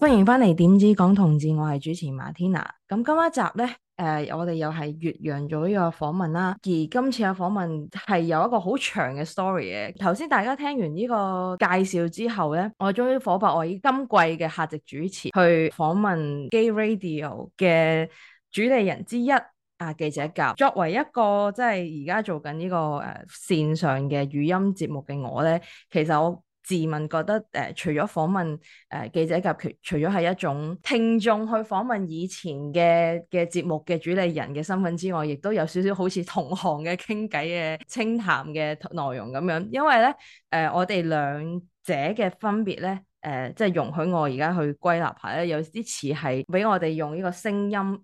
歡迎翻嚟點知講同志，我係主持馬天娜。咁今一集呢，誒、呃、我哋又係越洋做呢個訪問啦。而今次嘅訪問係有一個好長嘅 story 嘅。頭先大家聽完呢個介紹之後呢，我終於火爆我以今季嘅客席主持去訪問 Gay Radio 嘅主理人之一啊記者甲。作為一個即係而家做緊呢、這個誒、呃、線上嘅語音節目嘅我呢，其實我。自問覺得誒、呃，除咗訪問誒、呃、記者甲佢，除咗係一種聽眾去訪問以前嘅嘅節目嘅主理人嘅身份之外，亦都有少少好似同行嘅傾偈嘅清談嘅內容咁樣。因為咧誒、呃，我哋兩者嘅分別咧誒、呃，即係容許我而家去歸納下咧，有啲似係俾我哋用呢個聲音。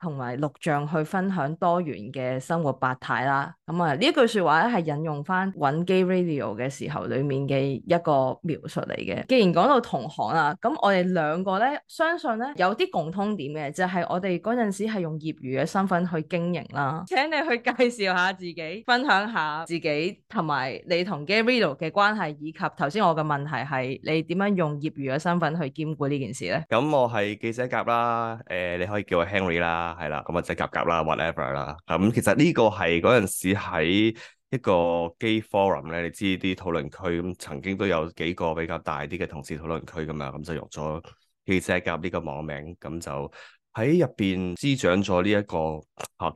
同埋錄像去分享多元嘅生活百態啦，咁啊呢一句説話咧係引用翻《Gay Radio》嘅時候裡面嘅一個描述嚟嘅。既然講到同行啊，咁我哋兩個咧，相信咧有啲共通點嘅，就係、是、我哋嗰陣時係用業餘嘅身份去經營啦。請你去介紹下自己，分享下自己，同埋你同 Gay Radio 嘅關係，以及頭先我嘅問題係你點樣用業餘嘅身份去兼顧呢件事咧？咁我係記者甲啦，誒、呃、你可以叫我 Henry 啦。係啦，咁啊就夾夾啦，whatever 啦，咁其實呢個係嗰陣時喺一個 gay forum 咧，你知啲討論區咁，曾經都有幾個比較大啲嘅同志討論區咁樣，咁就用咗汽車夾呢個網名，咁就。喺入邊滋長咗呢一個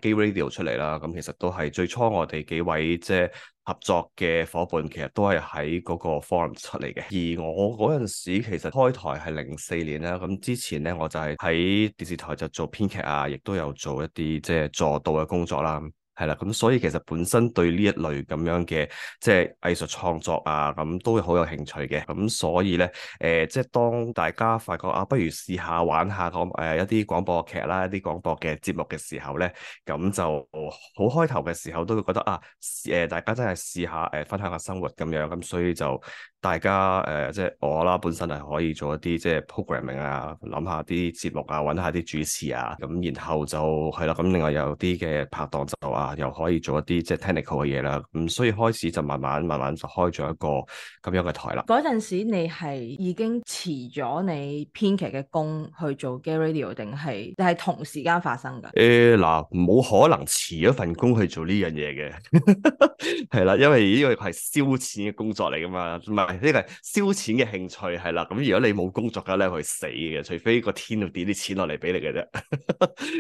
Gay、啊、Radio 出嚟啦，咁其實都係最初我哋幾位即係、就是、合作嘅夥伴，其實都係喺嗰個 forum 出嚟嘅。而我嗰陣時其實開台係零四年啦，咁之前咧我就係喺電視台就做編劇啊，亦都有做一啲即係助導嘅工作啦。係啦，咁所以其實本身對呢一類咁樣嘅即係藝術創作啊，咁都好有興趣嘅。咁所以咧，誒、呃、即係當大家發覺啊，不如試下玩下講誒、呃、一啲廣播劇啦，一啲廣播嘅節目嘅時候咧，咁就好開頭嘅時候都會覺得啊，誒、呃、大家真係試下誒、呃、分享下生活咁樣，咁所以就。大家誒、呃，即係我啦，本身係可以做一啲即係 programming 啊，諗下啲節目啊，揾下啲主持啊，咁然後就係啦，咁、嗯、另外有啲嘅拍檔就啊，又可以做一啲即係 technical 嘅嘢啦，咁、嗯、所以開始就慢慢慢慢就開咗一個咁樣嘅台啦。嗰陣時你係已經辭咗你編劇嘅工去做 gay radio 定係定係同時間發生㗎？誒嗱、欸，冇可能辭咗份工去做呢樣嘢嘅，係 啦，因為呢個係燒錢嘅工作嚟㗎嘛，唔係。呢個係燒錢嘅興趣係啦，咁如果你冇工作嘅咧，去死嘅，除非個天要跌啲錢落嚟俾你嘅啫，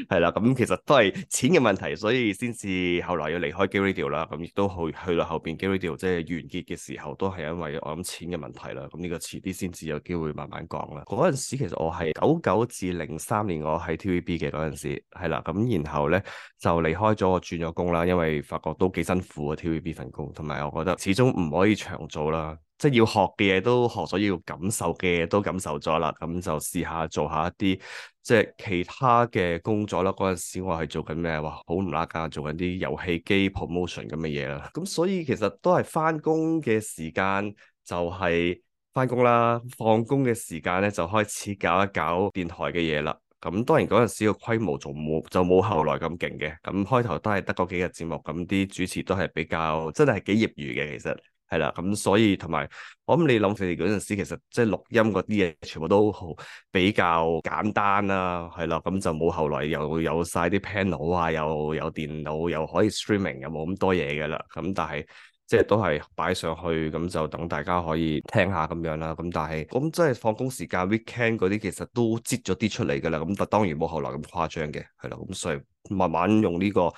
係 啦，咁其實都係錢嘅問題，所以先至後來要離開 Gay Radio 啦，咁亦都去去到後邊 Gay Radio 即係完結嘅時候，都係因為我諗錢嘅問題啦。咁呢個遲啲先至有機會慢慢講啦。嗰陣時其實我係九九至零三年我喺 TVB 嘅嗰陣時係啦，咁然後咧就離開咗，我轉咗工啦，因為發覺都幾辛苦嘅 TVB 份工，同埋我覺得始終唔可以長做啦。即係要學嘅嘢都學咗，要感受嘅嘢都感受咗啦。咁就試下做下一啲即係其他嘅工作啦。嗰陣時我係做緊咩？話好唔啦更，做緊啲遊戲機 promotion 咁嘅嘢啦。咁所以其實都係翻工嘅時間就係翻工啦，放工嘅時間咧就開始搞一搞電台嘅嘢啦。咁當然嗰陣時個規模仲冇就冇後來咁勁嘅。咁開頭都係得嗰幾日節目，咁啲主持都係比較真係幾業餘嘅其實。係啦，咁所以同埋，我諗你諗佢哋嗰陣時，其實即係錄音嗰啲嘢，全部都好比較簡單啦，啊，係啦，咁就冇後來又有晒啲 panel 啊，又有電腦，又可以 streaming，又冇咁多嘢噶啦。咁但係即係都係擺上去，咁就等大家可以聽下咁樣啦，啊。咁但係咁即係放工時間 weekend 嗰啲，其實都擠咗啲出嚟噶啦。咁但係當然冇後來咁誇張嘅，係啦。咁所以慢慢用呢個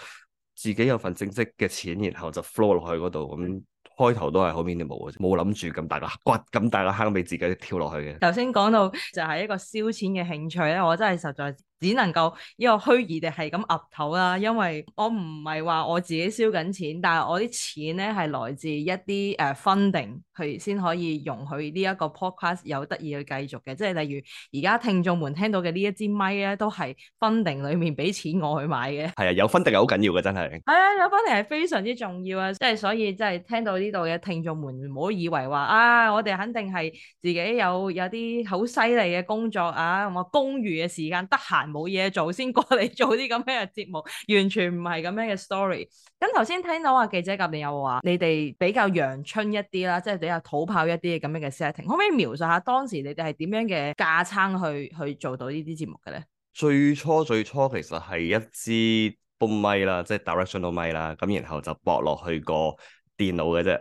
自己有份正式嘅錢，然後就 flow 落去嗰度咁。開頭都係好 minimal 冇嘅啫，冇諗住咁大個坑，咁大個坑俾自己跳落去嘅。頭先講到就係一個燒錢嘅興趣，我真係實在。只能夠呢個虛擬地係咁岌頭啦，因為我唔係話我自己燒緊錢，但係我啲錢咧係來自一啲誒 funding 去先可以容許呢一個 podcast 有得以去繼續嘅，即係例如而家聽眾們聽到嘅呢一支咪咧都係 funding 裏面俾錢我去買嘅。係啊，有 funding 係好緊要嘅，真係。係啊、哎，有 funding 係非常之重要啊，即係所以即係聽到呢度嘅聽眾們唔好以為話啊，我哋肯定係自己有有啲好犀利嘅工作啊，我工餘嘅時間得閒，冇嘢做先過嚟做啲咁樣嘅節目，完全唔係咁樣嘅 story。咁頭先聽到話記者甲有話，你哋比較陽春一啲啦，即係比較土炮一啲嘅咁樣嘅 setting。可唔可以描述下當時你哋係點樣嘅架撐去去做到呢啲節目嘅咧？最初最初其實係一支 boom mic 啦，即係 directional 咪啦，咁然後就駁落去個電腦嘅啫。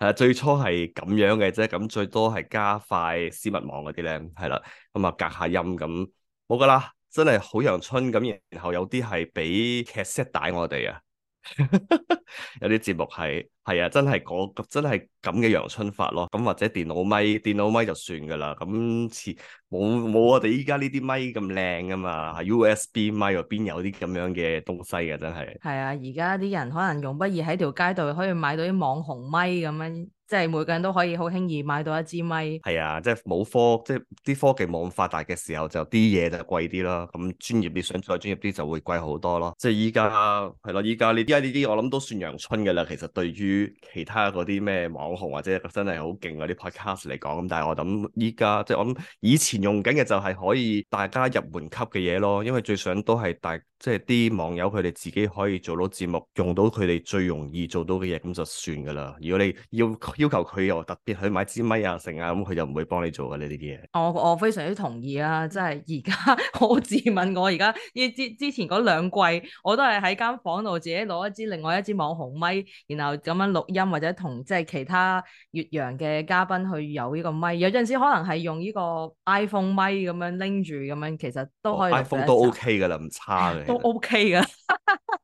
係啊，最初係咁樣嘅啫。咁最多係加快私密網嗰啲咧，係啦，咁啊隔下音咁冇噶啦。真係好陽春咁，然後有啲係畀劇 set 大我哋啊， 有啲節目係係啊，真係嗰、嗰個、真係。咁嘅陽春法咯，咁或者電腦咪，電腦咪就算噶啦。咁似冇冇我哋依家呢啲咪咁靚噶嘛？USB 咪又邊有啲咁樣嘅東西啊，真係。係啊，而家啲人可能用不易喺條街度可以買到啲網紅咪咁樣，即係每個人都可以好輕易買到一支咪。係啊，即係冇科，即係啲科技冇咁發達嘅時候，就啲嘢就貴啲啦。咁專業啲，想再專業啲就會貴好多咯。即係依家係咯，依家呢啲呢啲我諗都算陽春嘅啦。其實對於其他嗰啲咩網，網紅或者真係好勁嗰啲 podcast 嚟講，咁但係我諗依家即係我諗以前用緊嘅就係可以大家入門級嘅嘢咯，因為最想都係大即係啲網友佢哋自己可以做到節目，用到佢哋最容易做到嘅嘢咁就算㗎啦。如果你要要求佢又特別去買支咪啊成啊，咁佢又唔會幫你做㗎呢啲嘢。我我非常之同意啊！真係而家我自問我而家依之之前嗰兩季，我都係喺間房度自己攞一支另外一支網紅咪，然後咁樣錄音或者同即係其他。啊！越洋嘅嘉賓去有呢個咪，有陣時可能係用呢個 iPhone 咪咁樣拎住咁樣，其實都可以。iPhone、哦、都 OK 噶啦，唔差嘅。都 OK 噶，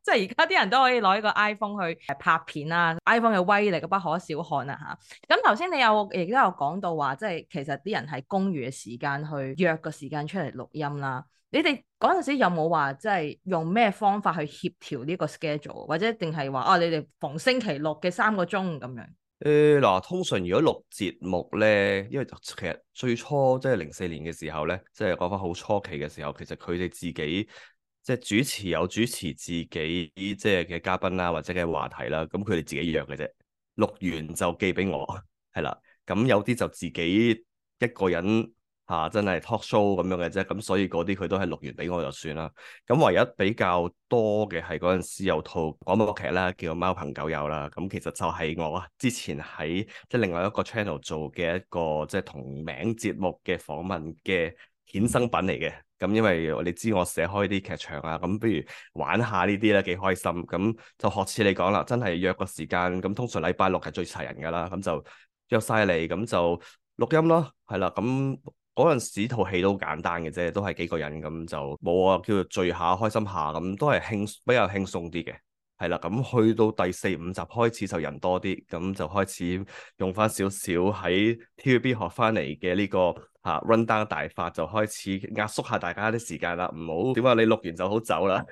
即係而家啲人都可以攞呢個 iPhone 去拍片啦。iPhone 嘅威力不可小看啊！吓，咁頭先你有亦都有講到話，即係其實啲人喺公餘嘅時間去約個時間出嚟錄音啦。你哋嗰陣時有冇話即係用咩方法去協調呢個 schedule，或者定係話啊，你哋逢星期六嘅三個鐘咁樣。誒嗱，通常如果錄節目咧，因為其實最初即係零四年嘅時候咧，即係講返好初期嘅時候，其實佢哋自己即係、就是、主持有主持自己即係嘅嘉賓啦，或者嘅話題啦，咁佢哋自己約嘅啫，錄完就寄俾我，係啦，咁有啲就自己一個人。嚇、啊、真係 talk show 咁樣嘅啫，咁所以嗰啲佢都係錄完俾我就算啦。咁唯一比較多嘅係嗰陣時有套廣播劇啦，叫《貓朋狗友》啦。咁其實就係我之前喺即係另外一個 channel 做嘅一個即係、就是、同名節目嘅訪問嘅衍生品嚟嘅。咁因為你知我寫開啲劇場啊，咁不如玩下呢啲啦，幾開心。咁就學似你講啦，真係約個時間，咁通常禮拜六係最齊人㗎啦，咁就約晒嚟，咁就錄音咯，係啦，咁。嗰陣時套戲都簡單嘅啫，都係幾個人咁就冇啊，叫做聚下開心下咁，都係輕比較輕鬆啲嘅，係啦。咁去到第四五集開始就人多啲，咁就開始用翻少少喺 TVB 學翻嚟嘅呢個嚇 run down 大法，就開始壓縮下大家啲時間啦。唔好，點解你錄完就好走啦，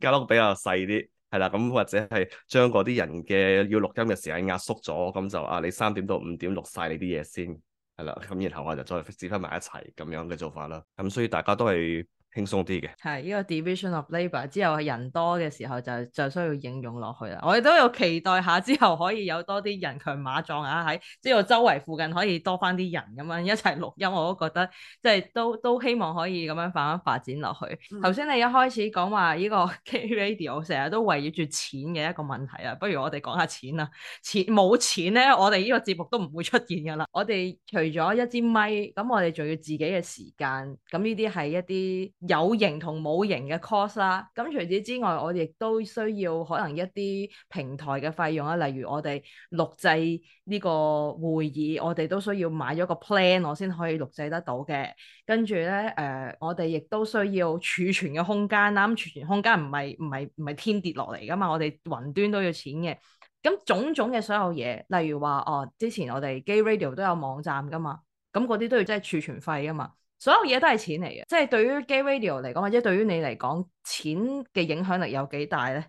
間 屋比較細啲，係啦。咁或者係將嗰啲人嘅要錄音嘅時間壓縮咗，咁就啊，你三點到五點錄晒你啲嘢先。咁、嗯、然後我就再指揮埋一齊咁樣嘅做法啦。咁、嗯、所以大家都係。輕鬆啲嘅，係呢、這個 division of labor 之後，人多嘅時候就就需要應用落去啦。我哋都有期待下之後可以有多啲人強馬壯啊，喺即係我周圍附近可以多翻啲人咁樣一齊錄音，我都覺得即係都都希望可以咁樣慢慢發展落去。頭先、嗯、你一開始講話呢個 Gay Radio，成日都圍繞住錢嘅一個問題啊，不如我哋講下錢啊，錢冇錢咧，我哋呢個節目都唔會出現噶啦。我哋除咗一支咪咁我哋仲要自己嘅時間，咁呢啲係一啲。有形同冇形嘅 cost 啦，咁除此之外，我哋亦都需要可能一啲平台嘅費用啊，例如我哋錄製呢個會議，我哋都需要買咗個 plan，我先可以錄製得到嘅。跟住咧，誒、呃，我哋亦都需要儲存嘅空間啦、啊。咁儲存空間唔係唔係唔係天跌落嚟噶嘛，我哋雲端都要錢嘅。咁種種嘅所有嘢，例如話哦，之前我哋 Gay Radio 都有網站噶嘛，咁嗰啲都要即係儲存費噶嘛。所有嘢都係錢嚟嘅，即係對於 Gay Radio 嚟講，或者對於你嚟講，錢嘅影響力有幾大咧？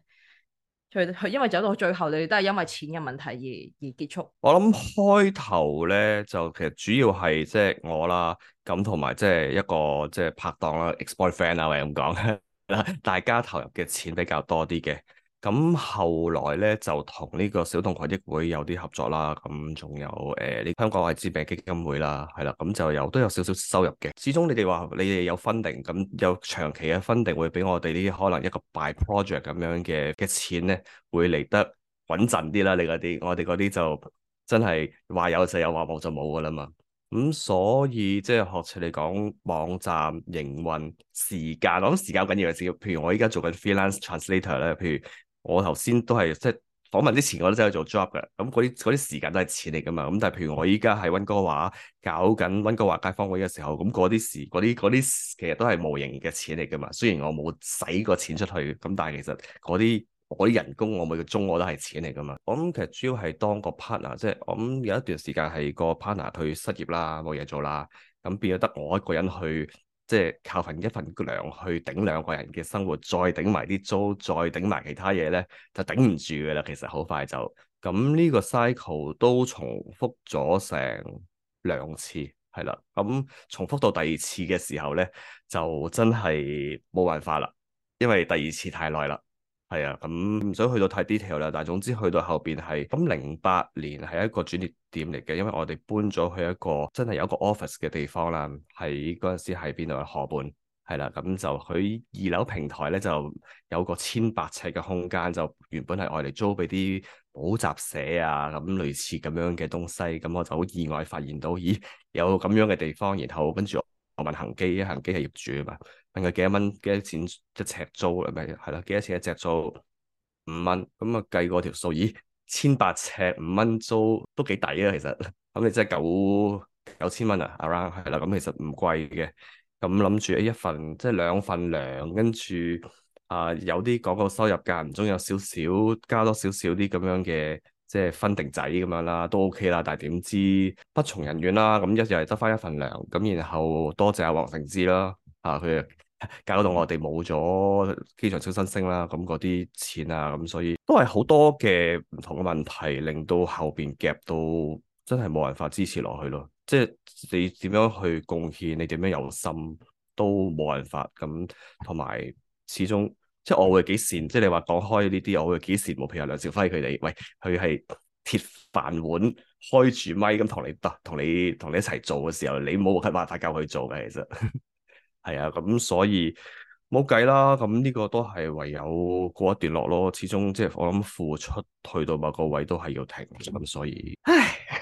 除，因為走到最後，你哋都係因為錢嘅問題而而結束。我諗開頭咧，就其實主要係即係我啦，咁同埋即係一個即係拍檔啦，ex boyfriend 啊，或者咁講， 大家投入嘅錢比較多啲嘅。咁後來咧就同呢個小童群益會有啲合作啦，咁仲有誒呢、呃、香港愛滋病基金會啦，係啦，咁、嗯、就有都有少少收入嘅。始終你哋話你哋有 funding，咁有長期嘅 funding n 會俾我哋呢啲可能一個 by project 咁樣嘅嘅錢咧，會嚟得穩陣啲啦。你嗰啲，我哋嗰啲就真係話有就有，話冇就冇噶啦嘛。咁、嗯、所以即係學似你講網站營運時間，我諗時間好緊要嘅事。譬如我依家做緊 freelance translator 咧，譬如。我頭先都係即係訪問之前我都真係做 job 嘅，咁嗰啲嗰啲時間都係錢嚟噶嘛，咁但係譬如我依家喺溫哥華搞緊溫哥華街坊會嘅時候，咁嗰啲時嗰啲嗰啲其實都係無形嘅錢嚟噶嘛，雖然我冇使過錢出去，咁但係其實嗰啲嗰啲人工我每個鐘我都係錢嚟噶嘛，我諗其實主要係當個 partner，即係我諗有一段時間係個 partner 去失業啦，冇嘢做啦，咁變咗得我一個人去。即係靠份一份糧去頂兩個人嘅生活，再頂埋啲租，再頂埋其他嘢咧，就頂唔住㗎啦。其實好快就咁呢個 cycle 都重複咗成兩次，係啦。咁重複到第二次嘅時候咧，就真係冇辦法啦，因為第二次太耐啦。係啊，咁唔想去到太 detail 啦，但係總之去到後邊係咁，零八年係一個轉捩點嚟嘅，因為我哋搬咗去一個真係有一個 office 嘅地方啦，喺嗰陣時喺邊度啊，河畔係啦，咁就佢二樓平台咧就有個千百尺嘅空間，就原本係外嚟租俾啲補習社啊，咁類似咁樣嘅東西，咁我就好意外發現到，咦有咁樣嘅地方，然後跟住我問恆基，恆基係業主啊嘛。問佢幾多蚊？幾多錢一尺租？係咪？係啦，幾多錢一尺租？五蚊咁啊，計過條數，咦，千八尺五蚊租都幾抵啊，其實咁你即係九九千蚊啊，around 係啦，咁其實唔貴嘅。咁諗住誒一份即係兩份糧，跟住啊有啲廣告收入間唔中有少少加多少少啲咁樣嘅即係分定仔咁樣啦，都 OK 啦。但係點知不從人願啦，咁一日係得翻一份糧咁，然後多謝阿黃成志啦。啊！佢啊，搞到我哋冇咗機場超新星啦，咁嗰啲錢啊，咁所以都係好多嘅唔同嘅問題，令到後邊夾到真係冇辦法支持落去咯。即係你點樣去貢獻，你點樣有心都冇辦法。咁同埋始終，即係我會幾羨，即係你話講開呢啲，我會幾羨慕譬如梁兆輝佢哋，喂，佢係鐵飯碗，開住咪咁同你，唔同你同你一齊做嘅時候，你冇辦法教佢做嘅，其實。係啊，咁所以冇計啦，咁呢個都係唯有過一段落咯。始終即係我諗付出去到某個位都係要停咁，所以唉，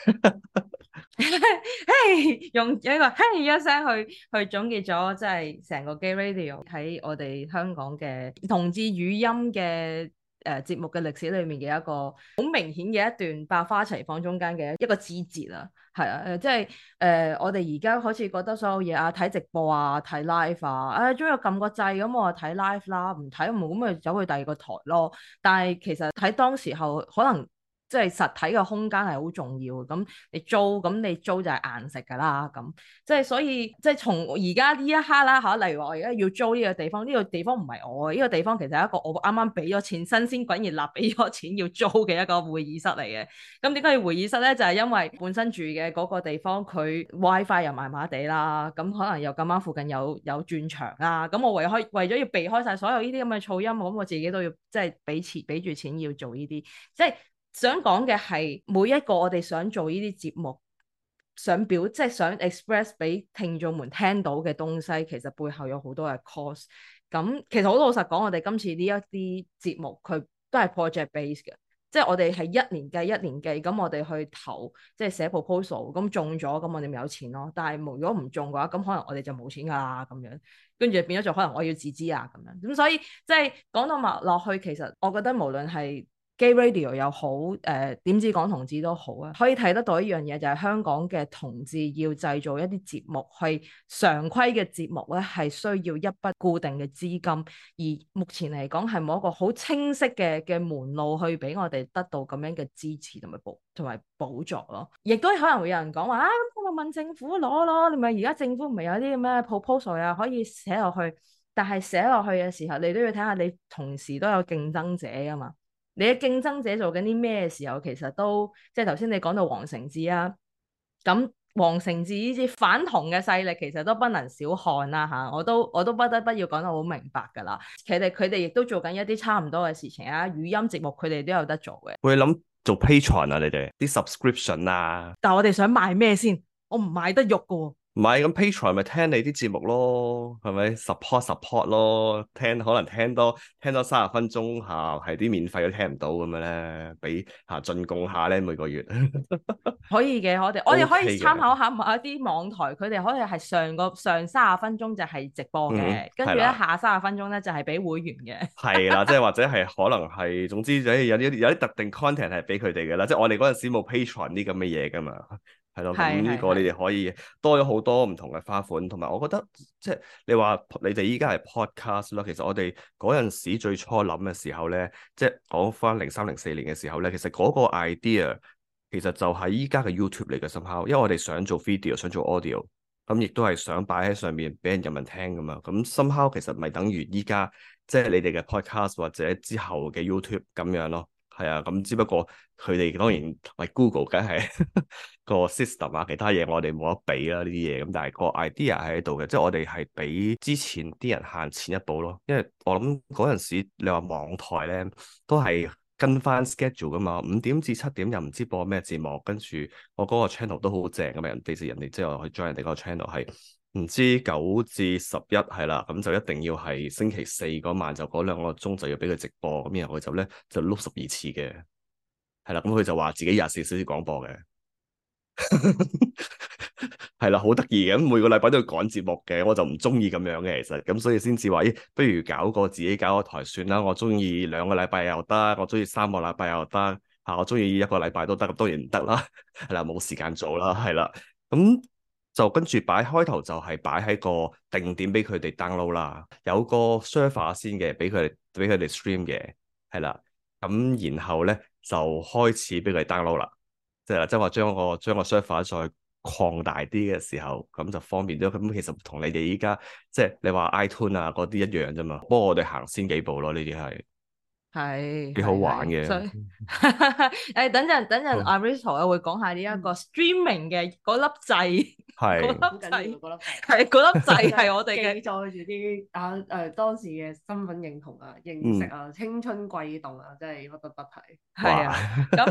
用、這個、一個「嘿」一聲去去總結咗，即係成個 Gay Radio 喺我哋香港嘅同志語音嘅。誒、呃、節目嘅歷史裏面嘅一個好明顯嘅一段百花齊放中間嘅一個枝節啊，係啊，誒、呃、即係誒、呃、我哋而家好似覺得所有嘢啊睇直播啊睇 live 啊，唉、哎、終於撳個掣咁我就睇 live 啦、啊，唔睇冇咁咪走去第二個台咯，但係其實喺當時候可能。即係實體嘅空間係好重要，咁你租，咁你租就係硬食㗎啦。咁即係所以，即係從而家呢一刻啦，嚇，例如話我而家要租呢個地方，呢個地方唔係我，呢個地方其實係一個我啱啱俾咗錢新鮮滾熱辣俾咗錢要租嘅一個會議室嚟嘅。咁點解要會議室咧？就係因為本身住嘅嗰個地方，佢 WiFi 又麻麻地啦，咁可能又咁啱附近有有轉場啊，咁我為開為咗要避開晒所有呢啲咁嘅噪音，咁我自己都要即係俾錢俾住錢要做呢啲，即係。想講嘅係每一個我哋想做呢啲節目，想表即係想 express 俾聽眾們聽到嘅東西，其實背後有好多嘅 cause。咁其實好老實講，我哋今次呢一啲節目，佢都係 project based 嘅，即係我哋係一年計一年計。咁我哋去投，即係寫 proposal，咁、嗯、中咗，咁我哋咪有錢咯。但係無如果唔中嘅話，咁可能我哋就冇錢㗎啦咁樣。跟住變咗就可能我要自資啊咁樣。咁所以即係講到落落去，其實我覺得無論係，Gay Radio 又好，誒、呃、點知講同志都好啊，可以睇得到一樣嘢就係香港嘅同志要製造一啲節目去，去常規嘅節目咧，係需要一筆固定嘅資金，而目前嚟講係冇一個好清晰嘅嘅門路去俾我哋得到咁樣嘅支持同埋補同埋補助咯。亦都可能會有人講話啊，咁我咪問政府攞咯，你咪而家政府唔係有啲咩 proposal 啊可以寫落去，但係寫落去嘅時候，你都要睇下你同時都有競爭者噶嘛。你嘅競爭者做緊啲咩時候？其實都即係頭先你講到黃成志啊，咁黃成志呢啲反同嘅勢力其實都不能小看啦、啊、嚇、啊，我都我都不得不要講到好明白㗎啦。其實佢哋亦都做緊一啲差唔多嘅事情啊，語音節目，佢哋都有得做嘅。會諗做 Patreon 啊，你哋啲 subscription 啊。但係我哋想賣咩先？我唔賣得肉㗎喎、哦。唔係，咁 Patreon 咪聽你啲節目咯，係咪 support support 咯？聽可能聽多聽多三十分鐘吓，係、啊、啲免費都聽唔到咁樣咧，俾吓進貢下咧，每個月。 可以嘅，我哋我哋可以參考下某一啲網台，佢哋可以係上個上三十分鐘就係直播嘅，跟住咧下三十分鐘咧就係俾會員嘅。係啦的，即係 或者係可能係，總之有有有啲特定 content 係俾佢哋嘅啦。即、就、係、是、我哋嗰陣時冇 Patreon 啲咁嘅嘢噶嘛。係咯，咁呢個你哋可以多咗好多唔同嘅花款，同埋我覺得即係你話你哋依家係 podcast 啦。其實我哋嗰陣時最初諗嘅時候咧，即係講翻零三零四年嘅時候咧，其實嗰個 idea 其實就係依家嘅 YouTube 嚟嘅。Somehow，因為我哋想做 video，想做 audio，咁亦都係想擺喺上面俾人人民聽咁啊。咁 Somehow 其實咪等於依家即係你哋嘅 podcast 或者之後嘅 YouTube 咁樣咯。係啊，咁只不過佢哋當然，喂 Google 梗係 個 system 啊，其他嘢我哋冇得比啦，呢啲嘢咁，但係個 idea 喺度嘅，即係我哋係比之前啲人行前一步咯，因為我諗嗰陣時你話網台咧都係跟翻 schedule 噶嘛，五點至七點又唔知播咩節目，跟住我嗰個 channel 都好正咁樣，尤其是人哋即係我去 join 人哋嗰個 channel 係。唔知九至十一係啦，咁就一定要係星期四嗰晚就嗰兩個鐘就要俾佢直播，咁然後佢就咧就碌十二次嘅，係啦，咁佢就話自己廿四小時廣播嘅，係 啦，好得意嘅，每個禮拜都要趕節目嘅，我就唔中意咁樣嘅，其實咁所以先至話，不如搞個自己搞個台算啦，我中意兩個禮拜又得，我中意三個禮拜又得，吓、啊、我中意一個禮拜都得，咁當然唔得啦，係啦，冇時間做啦，係啦，咁。就跟住擺開頭就係擺喺個定點俾佢哋 download 啦，有個 server 先嘅俾佢哋俾佢哋 stream 嘅，係啦，咁然後咧就開始俾佢哋 download 啦，即係即係話將個將個 server 再擴大啲嘅時候，咁就方便咗。咁其實同你哋依家即係你話 iTunes 啊嗰啲一樣啫嘛，不過我哋行先幾步咯，呢啲係。係，幾是好玩嘅。誒、 欸，等陣，等陣，阿好 Risto 啊，會講下呢一個 streaming 嘅嗰粒掣。係。嗰粒掣，嗰粒掣，係粒掣係我哋記載住啲啊誒當時嘅身份認同啊、認識啊、嗯、青春悸動啊，真係不得不提。係啊。咁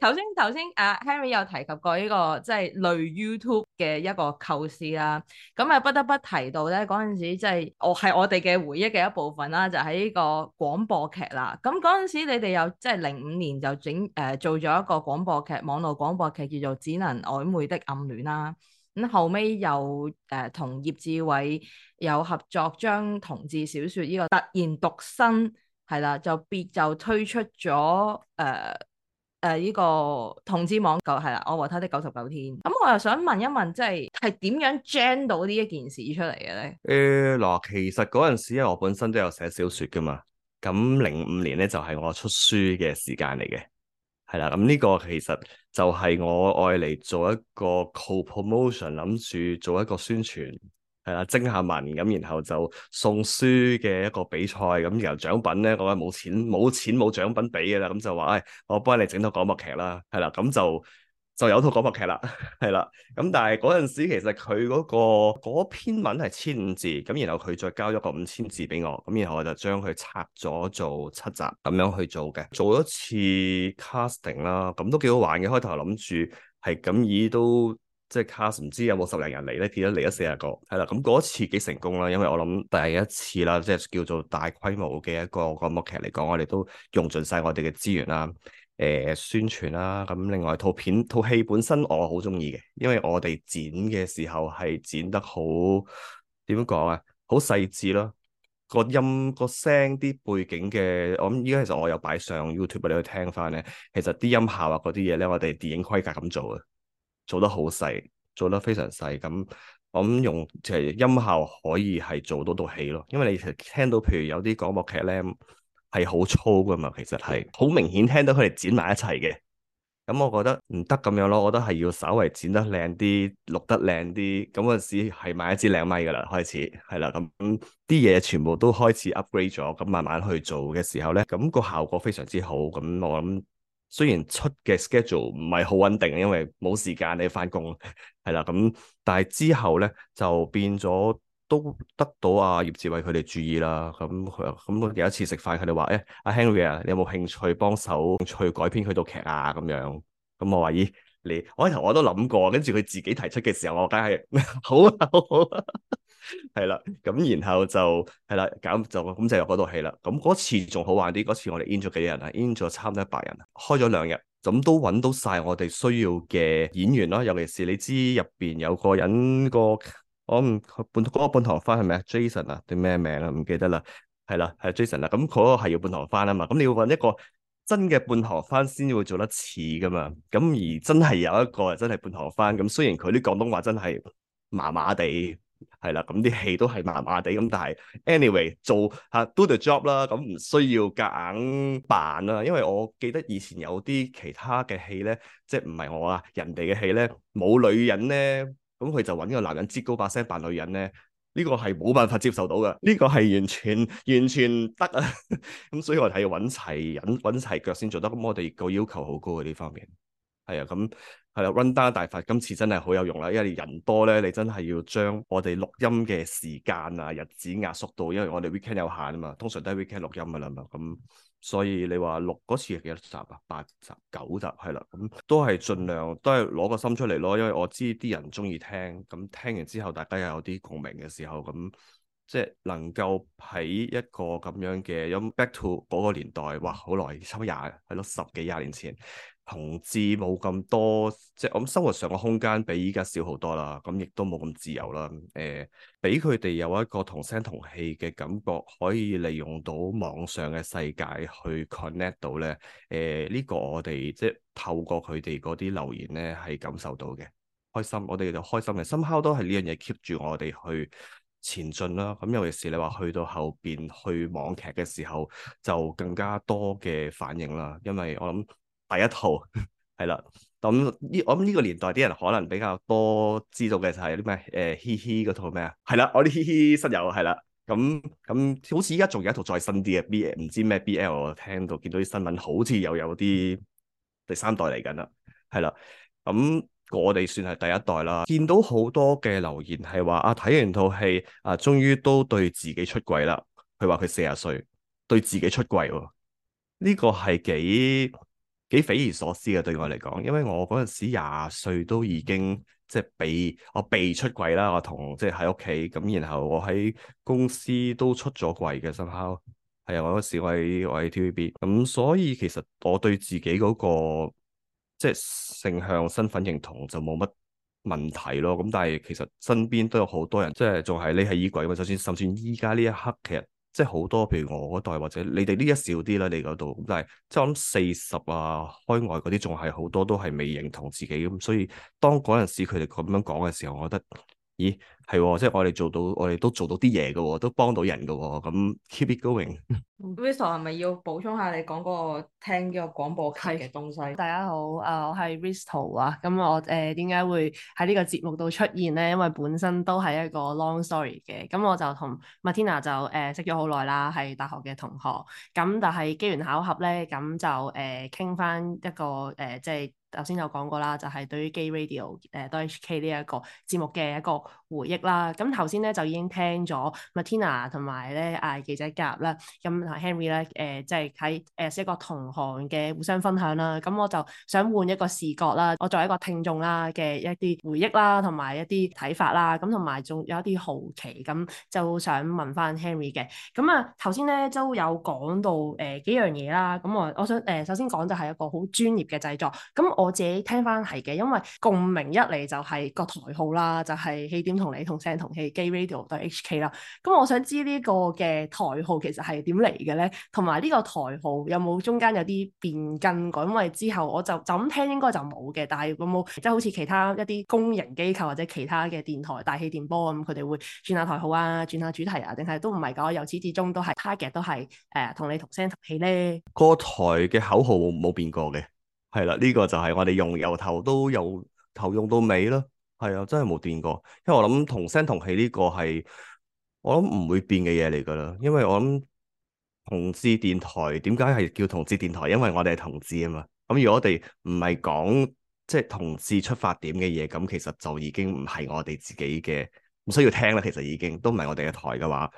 頭先頭先阿 h a r r y 有提及過呢、這個即係、就是、類 YouTube 嘅一個構思啦。咁啊不得不提到咧，嗰陣時即係、就是就是、我係我哋嘅回憶嘅一部分啦，就喺、是、呢個廣播劇。啦，咁嗰陣時你哋又即係零五年就整誒、呃、做咗一個廣播劇，網絡廣播劇叫做《只能曖昧的暗戀》啦。咁、啊、後尾又誒同、呃、葉志偉有合作，將同志小説呢個突然獨身係啦，就別就推出咗誒誒呢個同志網劇係啦，我和他的九十九天。咁、嗯、我又想問一問，即係係點樣 gen 到呢一件事出嚟嘅咧？誒嗱、呃呃，其實嗰陣時我本身都有寫小説噶嘛。咁零五年咧就係、是、我出書嘅時間嚟嘅，係啦，咁呢個其實就係我愛嚟做一個 co-promotion，諗住做一個宣傳，係啦，徵下文咁，然後就送書嘅一個比賽，咁然後獎品咧，我話冇錢冇錢冇獎品俾嘅啦，咁就話，誒、哎，我幫你整套廣播劇啦，係啦，咁就。.就有套廣播劇啦，係 啦，咁但係嗰陣時其實佢嗰、嗰個篇文係千五字，咁然後佢再交咗個五千字俾我，咁然後我就將佢拆咗做七集咁樣去做嘅。做一次 casting 啦，咁都幾好玩嘅。開頭諗住係咁，而都即係 cast 唔知有冇十零人嚟咧，變咗嚟咗四十個，係啦。咁嗰次幾成功啦，因為我諗第一次啦，即、就、係、是、叫做大規模嘅一個廣播劇嚟講，我哋都用盡晒我哋嘅資源啦。誒、呃，宣傳啦、啊，咁、嗯、另外套片套戲本身我好中意嘅，因為我哋剪嘅時候係剪得好，點樣講啊，好細緻咯。個音個聲啲背景嘅，我諗依家其實我有擺上 YouTube 你去聽翻咧，其實啲音效啊嗰啲嘢咧，我哋電影規格咁做啊，做得好細，做得非常細。咁我諗用即係音效可以係做到套戲咯，因為你聽到譬如有啲廣播劇咧。係好粗噶嘛，其實係好明顯聽到佢哋剪埋一齊嘅，咁我覺得唔得咁樣咯，我覺得係要稍為剪得靚啲，錄得靚啲，咁嗰陣時係買一支靚咪噶啦，開始係啦，咁啲嘢全部都開始 upgrade 咗，咁慢慢去做嘅時候咧，咁個效果非常之好，咁我諗雖然出嘅 schedule 唔係好穩定，因為冇時間你翻工係啦，咁但係之後咧就變咗。都得到阿葉志偉佢哋注意啦，咁咁有一、那個、次食飯，佢哋話誒，阿 Henry 啊，你有冇興趣幫手去改編佢套劇啊？咁樣，咁我話咦，你開頭我都諗過，跟住佢自己提出嘅時候，我梗係好啊，好啊，係啦、啊，咁笑笑、那個、然後就係啦，咁就咁、是、就嗰套戲啦。咁、那、嗰、個那個那個、次仲好玩啲，嗰、那個、次我哋 in 咗幾多人啊，in 咗差唔多一百人，開咗兩日，咁都揾到晒我哋需要嘅演員啦，尤其是你知入邊有個人個。我唔半嗰個半唐番係咪啊？Jason 啊，叫咩名啊？唔記得啦，係啦，係 Jason 啊。咁嗰個係要半唐番啊嘛。咁你要揾一個真嘅半唐番先會做得似㗎嘛。咁而真係有一個係真係半唐番。咁雖然佢啲廣東話真係麻麻地，係啦。咁啲戲都係麻麻地。咁但係 anyway 做吓、uh, do the job 啦。咁唔需要夾硬扮啦。因為我記得以前有啲其他嘅戲咧，即係唔係我啊，人哋嘅戲咧冇女人咧。咁佢就揾個男人趾高把聲扮女人咧，呢、這個係冇辦法接受到嘅，呢、這個係完全完全唔得啊！咁 所以我哋係要揾齊人揾齊腳先做得。咁我哋個要求好高嘅呢方面，係啊，咁係啦，Run Down 大法今次真係好有用啦，因為人多咧，你真係要將我哋錄音嘅時間啊日子壓縮到，因為我哋 weekend 有限啊嘛，通常都係 weekend 錄音噶啦嘛，咁。所以你話六嗰次幾多集啊？八集、九集，係啦，咁都係盡量都係攞個心出嚟咯。因為我知啲人中意聽，咁聽完之後大家又有啲共鳴嘅時候，咁即係能夠喺一個咁樣嘅咁 back to 嗰個年代，哇，好耐，差唔多廿，係咯，十幾廿年前。同志冇咁多，即係我生活上嘅空間比依家少好多啦，咁亦都冇咁自由啦。誒、呃，俾佢哋有一個同聲同氣嘅感覺，可以利用到網上嘅世界去 connect 到咧。誒、呃，呢、這個我哋即係透過佢哋嗰啲留言咧係感受到嘅開心，我哋就開心嘅 somehow 都係呢樣嘢 keep 住我哋去前進啦。咁尤其是你話去到後邊去網劇嘅時候，就更加多嘅反應啦，因為我諗。第一套係啦，咁 呢？我諗呢個年代啲人可能比較多知道嘅就係啲咩誒，嘻嘻嗰套咩啊？係啦，我啲嘻嘻室友係啦，咁咁好似依家仲有一套再新啲嘅 BL，唔知咩 BL？我聽到見到啲新聞，好似又有啲第三代嚟緊啦，係啦，咁我哋算係第一代啦。見到好多嘅留言係話啊，睇完套戲啊，終於都對自己出櫃啦。佢話佢四十歲，對自己出櫃，呢、這個係幾？幾匪夷所思嘅，對我嚟講，因為我嗰陣時廿歲都已經即係被我被出櫃啦，我同即係喺屋企咁，然後我喺公司都出咗櫃嘅，幸好係我嗰時我喺我喺 TVB，咁所以其實我對自己嗰個即係性向身份認同就冇乜問題咯。咁但係其實身邊都有好多人即係仲係匿喺衣櫃嘅，就算甚至依家呢一刻。即係好多，譬如我嗰代或者你哋呢一少啲啦，你嗰度，但係即係我諗四十啊開外嗰啲仲係好多都係未認同自己咁，所以當嗰陣時佢哋咁樣講嘅時候，我覺得，咦？係喎、哦，即係我哋做到，我哋都做到啲嘢嘅，都幫到人嘅、哦。咁 keep it going。 Risto 係咪要補充下你講過聽嘅廣播機嘅東西？的大家好，啊，我係 Risto 啊。咁我誒點解會喺呢個節目度出現咧？因為本身都係一個 long story 嘅。咁我就同 Matina 就誒、呃、識咗好耐啦，係大學嘅同學。咁但係機緣巧合咧，咁就誒傾翻一個誒，即係頭先有講過啦，就係對於 Gay Radio 誒 dot HK 呢一個節目嘅一個。呃回憶啦，咁頭先咧就已經聽咗 Martina 同埋咧阿記者甲啦，咁同 Henry 咧誒，即係喺誒一個同行嘅互相分享啦。咁我就想換一個視角啦，我作為一個聽眾啦嘅一啲回憶啦，同埋一啲睇法啦，咁同埋仲有一啲好奇，咁就想問翻 Henry 嘅。咁啊頭先咧都有講到誒、呃、幾樣嘢啦，咁我我想誒、呃、首先講就係一個好專業嘅製作，咁我自己聽翻係嘅，因為共鳴一嚟就係個台號啦，就係、是、起點。同你同聲同氣，Gay Radio 對 HK 啦。咁我想知呢個嘅台號其實係點嚟嘅咧？同埋呢個台號有冇中間有啲變更過？因為之後我就就咁聽，應該就冇嘅。但係有冇即係好似其他一啲公營機構或者其他嘅電台、大氣電波咁，佢哋會轉下台號啊，轉下主題啊？定係都唔係噶，由始至終都係，target 都係誒，同、呃、你同聲同氣咧。個台嘅口號冇冇變過嘅？係啦，呢、這個就係我哋用由頭都由頭用到尾咯。係 啊，真係冇變過，因為我諗同聲同氣呢個係我諗唔會變嘅嘢嚟噶啦。因為我諗同志電台點解係叫同志電台？因為我哋係同志啊嘛。咁、嗯、如果我哋唔係講即係同志出發點嘅嘢，咁其實就已經唔係我哋自己嘅，唔需要聽啦。其實已經都唔係我哋嘅台嘅話，誒、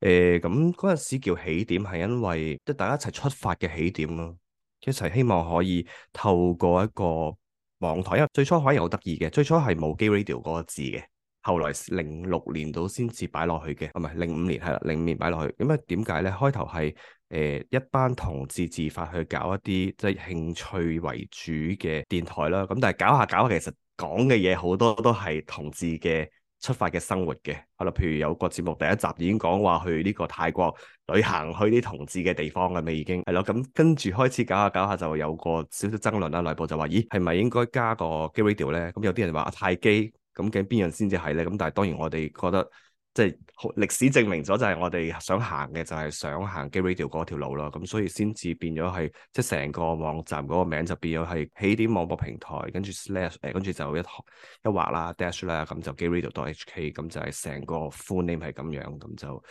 呃，咁嗰陣時叫起點係因為即係大家一齊出發嘅起點咯，一齊希望可以透過一個。網台，因為最初可以好得意嘅，最初係冇 Gay Radio 嗰個字嘅，後來零六年到先至擺落去嘅，唔係零五年係啦，零五年擺落去。咁樣點解咧？開頭係誒一班同志自發去搞一啲即係興趣為主嘅電台啦，咁但係搞下搞下，其實講嘅嘢好多都係同志嘅。出發嘅生活嘅，我、啊、哋譬如有個節目第一集已經講話去呢個泰國旅行，去啲同志嘅地方咁啊，已經係咯，咁、嗯、跟住開始搞下搞下就有個少少爭論啦，內部就話，咦係咪應該加個 gay radio 咧？咁、嗯、有啲人話啊，太 g 咁究竟邊樣先至係咧？咁、嗯、但係當然我哋覺得。即係歷史證明咗，就係我哋想行嘅就係想行 Gay Radio 嗰條路咯。咁所以先至變咗係，即係成個網站嗰個名就變咗係起點網播平台，跟住 slash 誒、呃，跟住就一一劃啦，dash 啦，咁就 Gay Radio dot HK，咁就係成個 full name 係咁樣，咁就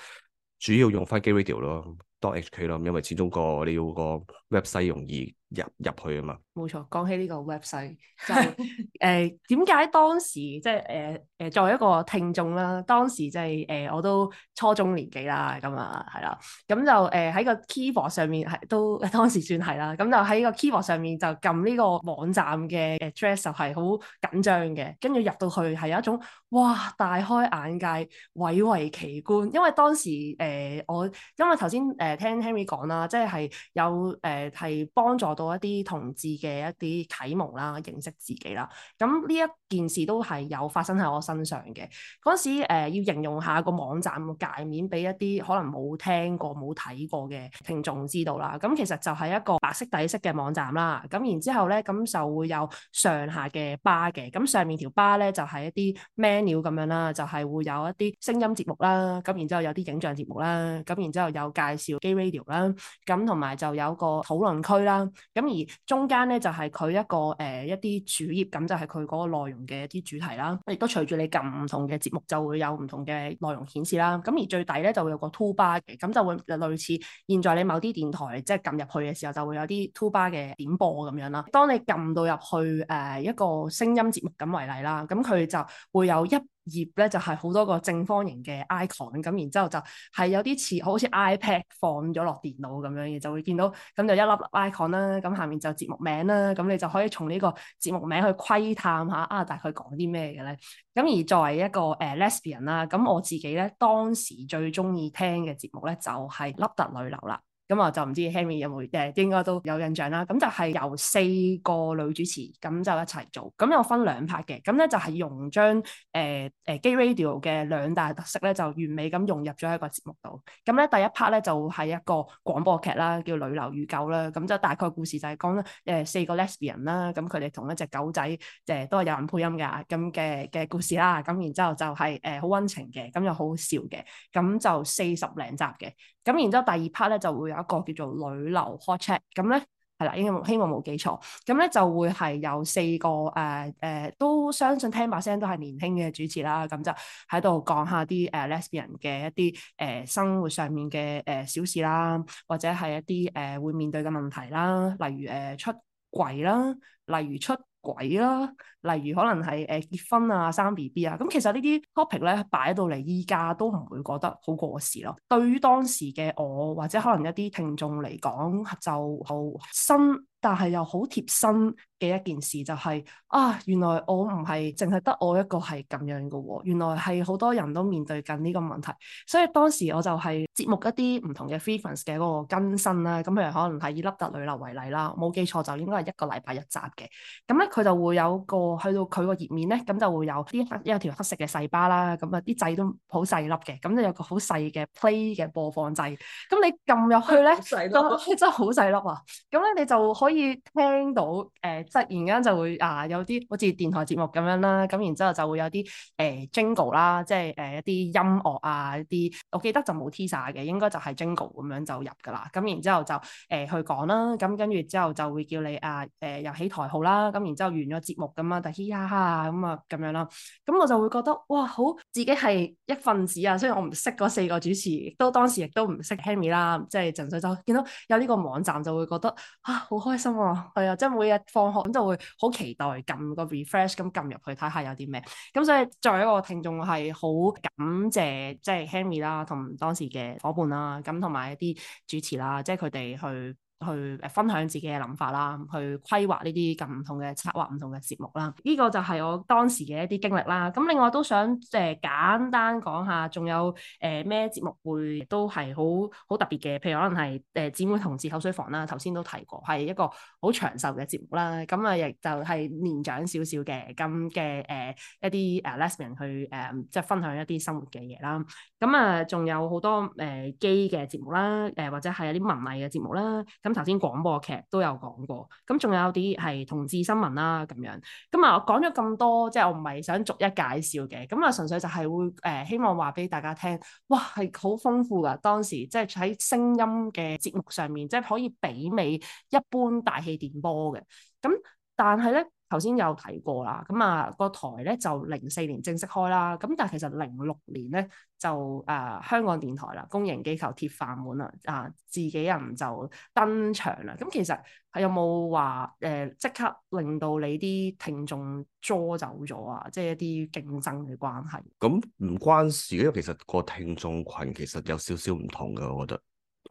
主要用翻 Gay Radio 咯，dot HK 咯，因為始終個你要個 website 容易。入入去啊嘛，冇錯，講起呢個 website 就誒點解，當時即係誒，作為一個聽眾啦，當時即係誒我都初中年紀啦咁啊，係啦，咁就誒，喺、呃、個 keyboard 上面係都當時算係啦，咁就喺個 keyboard 上面就撳呢個網站嘅 address 就係、是、好緊張嘅，跟住入到去係有一種哇大開眼界、蔚為奇觀，因為當時誒、呃，我因為頭先誒聽 Henry 講啦，即係有誒係、呃、幫助到。一啲同志嘅一啲啟蒙啦，認識自己啦。咁呢一件事都係有發生喺我身上嘅。嗰陣時、呃、要形容下個網站嘅界面俾一啲可能冇聽過、冇睇過嘅聽眾知道啦。咁其實就係一個白色底色嘅網站啦。咁然之後咧，咁就會有上下嘅巴嘅。咁上面條巴咧就係一啲 menu 咁樣啦，就係、是就是、會有一啲聲音節目啦。咁然之後有啲影像節目啦。咁然之後有介紹 Gay Radio 啦。咁同埋就有個討論區啦。咁而中間咧就係、是、佢一個誒、呃、一啲主頁，咁就係佢嗰個內容嘅一啲主題啦。亦都隨住你撳唔同嘅節目，就會有唔同嘅內容顯示啦。咁、啊、而最底咧就會有個 Two 巴嘅，咁就會類似現在你某啲電台即係撳入去嘅時候就會有啲 Two 巴嘅點播咁樣啦。當你撳到入去誒一個聲音節目咁為例啦，咁佢就會有一頁咧就係、是、好多個正方形嘅 icon，咁然之後就係有啲似好似 iPad 放咗落電腦咁樣嘅，就會見到咁就一粒粒 icon 啦，咁下面就節目名啦，咁你就可以從呢個節目名去窺探下啊大概講啲咩嘅咧。咁而作為一個誒 lesbian 啦，咁、呃啊、我自己咧當時最中意聽嘅節目咧就係凹凸女流啦。咁我就唔知 Henry 有冇誒、呃，應該都有印象啦。咁就係由四個女主持，咁、嗯、就一齊做。咁、嗯、又分兩 part 嘅，咁、嗯、咧就係、是、用將誒誒、呃呃、Gay Radio 嘅兩大特色咧、嗯，就完美咁融入咗喺個節目度。咁、嗯、咧、嗯、第一 part 咧就係、是、一個廣播劇啦，叫《女流與狗》啦。咁、嗯、就大概故事就係講誒、呃、四個 lesbian 啦，咁佢哋同一隻狗仔，誒、呃、都係有人配音嘅咁嘅嘅故事啦。咁、嗯、然之後就係誒好溫情嘅，咁又好好笑嘅，咁、嗯、就、嗯嗯、四十零集嘅。咁、嗯、然之後第二 part 咧就會。一個叫做女流 hotchat，咁咧係啦，應該希望冇記錯，咁咧就會係有四個誒誒、呃呃，都相信聽把聲都係年輕嘅主持啦，咁就喺度講下啲誒 lesbian 嘅一啲誒、呃呃、生活上面嘅誒小事啦，或者係一啲誒、呃、會面對嘅問題啦，例如誒、呃、出軌啦，例如出鬼啦，例如可能係誒結婚啊、生 B B 啊，咁其實呢啲 topic 咧擺到嚟依家都唔會覺得好過時咯。對於當時嘅我或者可能一啲聽眾嚟講就好新。但係又好貼心嘅一件事就係、是、啊，原來我唔係淨係得我一個係咁樣噶喎、哦，原來係好多人都面對緊呢個問題。所以當時我就係節目一啲唔同嘅 free 嘅嗰個更新啦。咁譬如可能係以粒特女流為例啦，冇記錯就應該係一個禮拜一集嘅。咁咧佢就會有個去到佢個頁面咧，咁就會有啲一條黑色嘅細巴啦。咁啊啲掣都好細粒嘅，咁就有個好細嘅 play 嘅播放掣。咁你撳入去咧、嗯，真係好細粒啊！咁 咧你就可以。可以聽到誒，突然間就會啊，有啲好似電台節目咁樣啦。咁然之後就會有啲誒 jingle 啦，呃、ingo，即係誒、呃、一啲音樂啊，一啲我記得就冇 Tisa 嘅，應該就係 jingle 咁樣就入㗎啦。咁然之後就誒、呃、去講啦。咁跟住之後就會叫你啊誒，又、呃、起、呃、台號啦。咁然之後完咗節目咁啊，就嘻哈哈啊咁啊咁樣啦。咁我就會覺得哇，好自己係一份子啊。雖然我唔識嗰四個主持，亦都當時亦都唔識 Henry 啦，即係純粹就見到有呢個網站就會覺得啊，好開心。開心啊，係啊，即係每日放學咁就會好期待撳個 refresh 咁撳入去睇下有啲咩，咁所以作為一個聽眾係好感謝即係、就是、Henry 啦，同當時嘅伙伴啦，咁同埋一啲主持啦，即係佢哋去。去誒分享自己嘅諗法啦，去規劃呢啲咁唔同嘅策劃、唔同嘅節目啦。呢、這個就係我當時嘅一啲經歷啦。咁另外都想誒、呃、簡單講下，仲有誒咩節目會都係好好特別嘅，譬如可能係誒姊妹同志口水房啦，頭先都提過，係一個好長壽嘅節目啦。咁啊，亦就係年長少少嘅咁嘅誒一啲啊、呃、lesbian 去誒、呃、即係分享一啲生活嘅嘢啦。咁啊，仲有好多誒基嘅節目啦，誒、呃、或者係一啲文藝嘅節目啦。呃咁頭先廣播劇都有講過，咁仲有啲係同志新聞啦咁樣，咁啊我講咗咁多，即係我唔係想逐一介紹嘅，咁啊純粹就係會誒、呃、希望話俾大家聽，哇，係好豐富噶，當時即係喺聲音嘅節目上面，即係可以媲美一般大氣電波嘅，咁但係咧。頭先有提過啦，咁、那、啊個台咧就零四年正式開啦，咁但係其實零六年咧就誒、呃、香港電台啦，公營機構鐵飯碗啦，啊、呃、自己人就登場啦。咁、嗯、其實係有冇話誒即刻令到你啲聽眾捉走咗啊？即係一啲競爭嘅關係？咁唔關事，因為其實個聽眾群其實有少少唔同㗎，我覺得，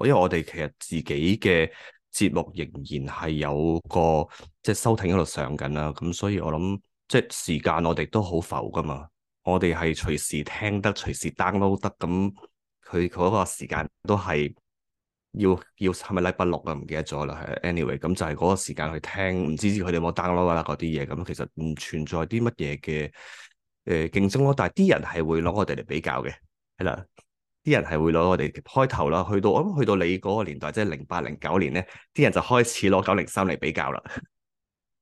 因為我哋其實自己嘅。節目仍然係有個即係收聽喺度上緊啦，咁所以我諗即係時間，我哋都好浮㗎嘛。我哋係隨時聽得，隨時 download 得。咁佢嗰個時間都係要要係咪禮拜六啊、like？唔記得咗啦。係 anyway，咁就係嗰個時間去聽，唔知知佢哋有冇 download 啦嗰啲嘢。咁其實唔存在啲乜嘢嘅誒競爭咯。但係啲人係會攞我哋嚟比較嘅，係啦。啲人係會攞我哋開頭啦，去到我諗去到你嗰個年代，即係零八零九年咧，啲人就開始攞九零三嚟比較啦，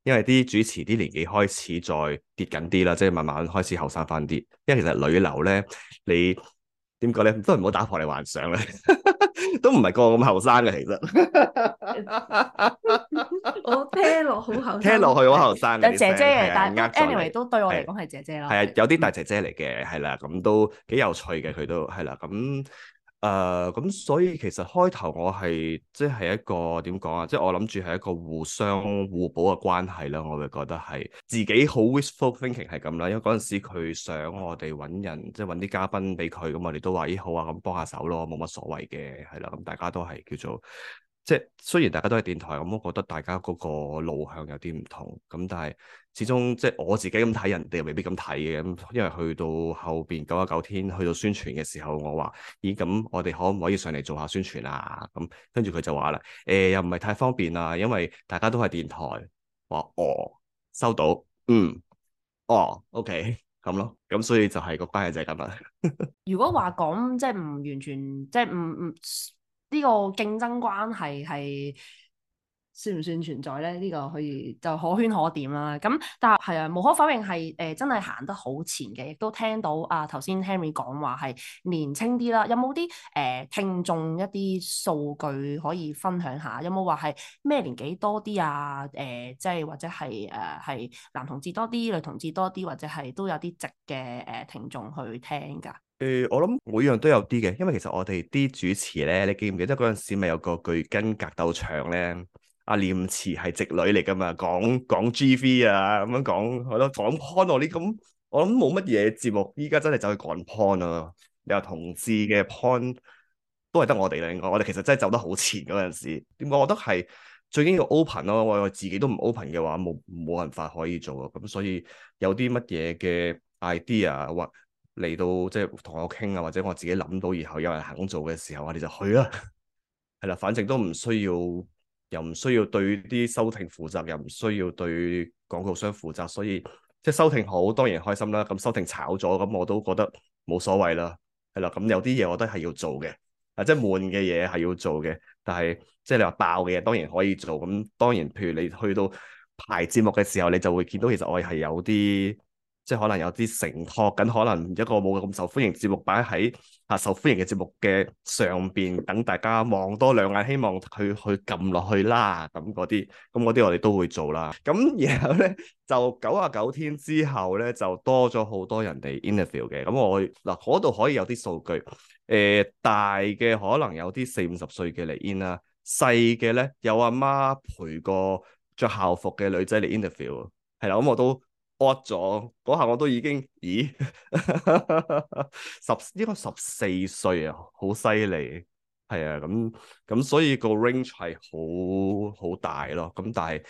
因為啲主持啲年紀開始再跌緊啲啦，即係慢慢開始後生翻啲，因為其實女流咧你。點解咧？都唔好打破你幻想啦，都唔係個咁後生嘅，其實。我聽落好後，聽落去好後生。阿姐姐嘅，但係咁，anyway 都對我嚟講係姐姐咯。係啊，有啲大姐姐嚟嘅，係啦、嗯，咁都幾有趣嘅，佢都係啦，咁。誒咁，uh，所以其實開頭我係即係一個點講啊，即係我諗住係一個互相互補嘅關係啦，我會覺得係自己好 wishful thinking 係咁啦，因為嗰陣時佢想我哋揾人，即係揾啲嘉賓俾佢，咁我哋都話咦，好啊，咁幫下手咯，冇乜所謂嘅，係啦，咁大家都係叫做。即係雖然大家都係電台，咁我覺得大家嗰個路向有啲唔同，咁但係始終即係我自己咁睇，人哋又未必咁睇嘅。咁因為去到後邊九啊九天去到宣傳嘅時候，我話：咦，咁我哋可唔可以上嚟做下宣傳啊？咁跟住佢就話啦：誒、欸、又唔係太方便啊，因為大家都係電台。我話哦，收到，嗯，哦，OK，咁咯，咁所以就係個關係就係咁啦。 如果話講即係唔完全，即係唔唔。呢個競爭關係係算唔算存在咧？呢、這個可以就可圈可點啦。咁但係啊，無可否認係誒真係行得好前嘅，亦都聽到啊頭先 Henry 講話係年輕啲啦。有冇啲誒聽眾一啲數據可以分享下？有冇話係咩年紀多啲啊？誒、呃、即係或者係誒係男同志多啲、女同志多啲，或者係都有啲直嘅誒聽眾去聽㗎？誒，我諗每樣都有啲嘅，因為其實我哋啲主持咧，你記唔記得嗰陣時咪有個巨根格鬥場咧？阿、啊、念慈係直女嚟噶嘛，講講 G V 啊，咁樣講係咯，講 porn 我啲咁，我諗冇乜嘢節目。依家真係走去講 porn 咯，你話同志嘅 porn 都係得我哋兩個。應該我哋其實真係走得好前嗰陣時，點？我覺得係最緊要 open 咯。我我自己都唔 open 嘅話，冇冇辦法可以做啊。咁所以有啲乜嘢嘅 idea 或？嚟到即係同我傾啊，或者我自己諗到，然後有人肯做嘅時候，我哋就去啦。係 啦，反正都唔需要，又唔需要對啲收聽負責，又唔需要對廣告商負責，所以即係收聽好當然開心啦。咁收聽炒咗，咁我都覺得冇所謂啦。係啦，咁有啲嘢我都係要做嘅，啊，即係悶嘅嘢係要做嘅，但係即係你話爆嘅嘢當然可以做。咁當然，譬如你去到排節目嘅時候，你就會見到其實我係有啲。即係可能有啲承托緊，可能一個冇咁受歡迎節目擺喺嚇受歡迎嘅節目嘅上邊，等大家望多兩眼，希望佢去撳落去，去啦，咁嗰啲，咁嗰啲我哋都會做啦。咁然後咧就九啊九天之後咧就多咗好多人嚟 interview 嘅。咁我嗱嗰度可以有啲數據，誒、呃、大嘅可能有啲四五十歲嘅嚟 int 啦，細嘅咧有阿媽陪個着校服嘅女仔嚟 interview，係啦，咁我都。惡咗嗰下我都已經，咦 十應該、這個、十四歲啊，好犀利，係啊咁咁，所以個 range 係好好大咯。咁、嗯、但係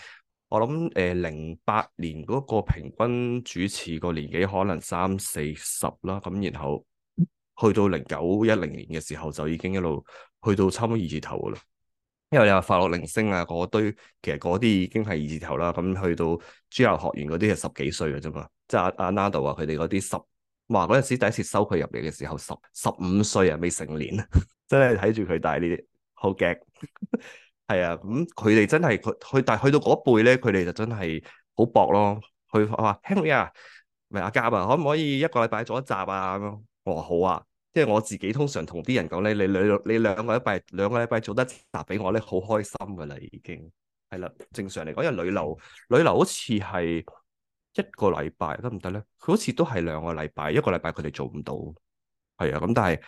我諗誒零八年嗰個平均主持個年紀可能三四十啦，咁然後去到零九一零年嘅時候就已經一路去到差唔多二字頭噶啦。因為你話法律鈴聲啊，嗰、那個、堆其實嗰啲已經係二字頭啦。咁去到朱樓學院嗰啲係十幾歲嘅啫嘛。即係阿阿納道啊，佢哋嗰啲十，哇！嗰陣時第一次收佢入嚟嘅時候，十十五歲啊，未成年， 真係睇住佢帶呢啲，好驚。係 啊，咁佢哋真係佢去，但係去到嗰輩咧，佢哋就真係好薄咯。佢話 Henry 啊，咪阿嘉啊，可唔可以一個禮拜做一集啊？咁我話好啊。即係我自己通常同啲人講咧，你兩你兩個禮拜兩個禮拜做得達俾我咧，好開心噶啦已經係啦。正常嚟講，因為女流女流好似係一個禮拜得唔得咧？佢好似都係兩個禮拜，一個禮拜佢哋做唔到。係啊，咁但係誒、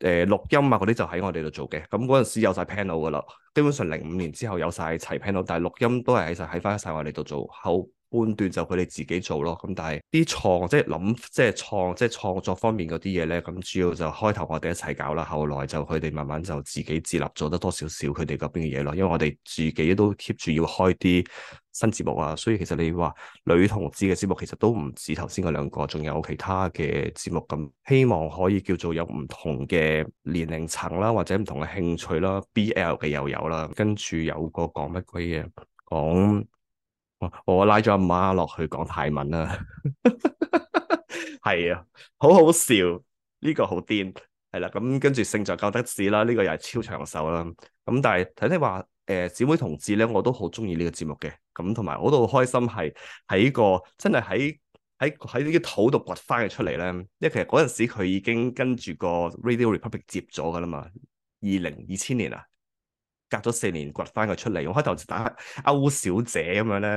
呃、錄音啊嗰啲就喺我哋度做嘅。咁嗰陣時有晒 panel 噶啦，基本上零五年之後有晒齊 panel，但係錄音都係喺晒喺翻晒我哋度做好。判斷就佢哋自己做咯，咁但係啲創即係諗即係創即係創作方面嗰啲嘢咧，咁主要就開頭我哋一齊搞啦，後來就佢哋慢慢就自己自立做得多少少佢哋嗰邊嘅嘢咯。因為我哋自己都 keep 住要開啲新節目啊，所以其實你話女同志嘅節目其實都唔止頭先嗰兩個，仲有其他嘅節目。咁希望可以叫做有唔同嘅年齡層啦，或者唔同嘅興趣啦，BL 嘅又有啦，跟住有個講乜鬼嘢。講。我拉咗阿媽落去講泰文啦，係啊，好好笑，呢、這個好癲，係、啊、啦，咁跟住勝在夠得志啦，呢個又係超長壽啦，咁、嗯、但係睇你話，誒、呃，姊妹同志咧，我都好中意呢個節目嘅，咁同埋我都好到開心係喺個真係喺喺喺呢啲土度掘翻佢出嚟咧，因為其實嗰陣時佢已經跟住個 Radio Republic 接咗噶啦嘛，二零二千年啊。隔咗四年掘翻佢出嚟，我開頭就打歐小姐咁樣咧，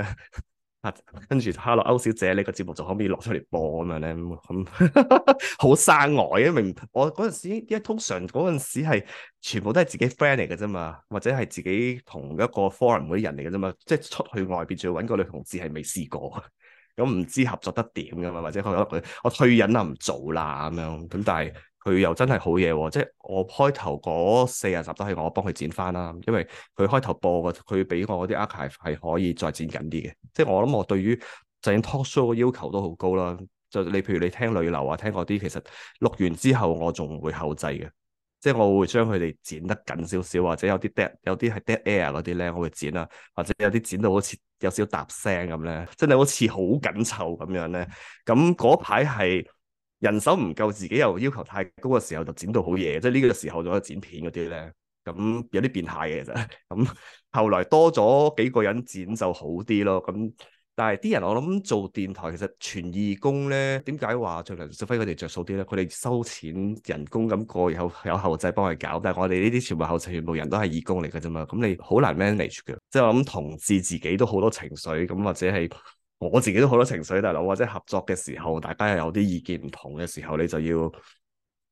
啊， 跟住 hello 歐小姐呢個節目就可唔可以落出嚟播咁樣咧？咁 好生外，因為我嗰陣時，因為通常嗰陣時係全部都係自己 friend 嚟嘅啫嘛，或者係自己同一個 forum 嗰啲人嚟嘅啫嘛，即係出去外邊仲要搵個女同志係未試過，咁唔知合作得點噶嘛，或者可能佢我退隱啦，唔做啦咁樣，咁但係。佢又真係好嘢喎、哦！即係我開頭嗰四十集都係我幫佢剪翻啦，因為佢開頭播，嘅，佢俾我啲 archive 係可以再剪緊啲嘅。即係我諗我對於整 talk show 嘅要求都好高啦。就你譬如你聽旅流啊，聽嗰啲其實錄完之後我仲會後製嘅，即係我會將佢哋剪得緊少少，或者有啲 dead 有啲係 dead air 嗰啲咧，我會剪啦。或者有啲剪到好似有少少嗒聲咁咧，真係好似好緊湊咁樣咧。咁嗰排係。人手唔夠，自己又要求太高嘅時候就剪到好夜，即係呢個時候仲有剪片嗰啲咧，咁有啲變態嘅其實。咁 後來多咗幾個人剪就好啲咯。咁但係啲人我諗做電台其實全義工咧，點解話像梁少輝佢哋着數啲咧？佢哋收錢人工咁，過有有後製幫佢搞，但係我哋呢啲全部後製全部人都係義工嚟嘅啫嘛。咁你好難 manage 嘅，即係我諗同志自己都好多情緒咁，或者係。我自己都好多情緒，大佬或者合作嘅時候，大家又有啲意見唔同嘅時候，你就要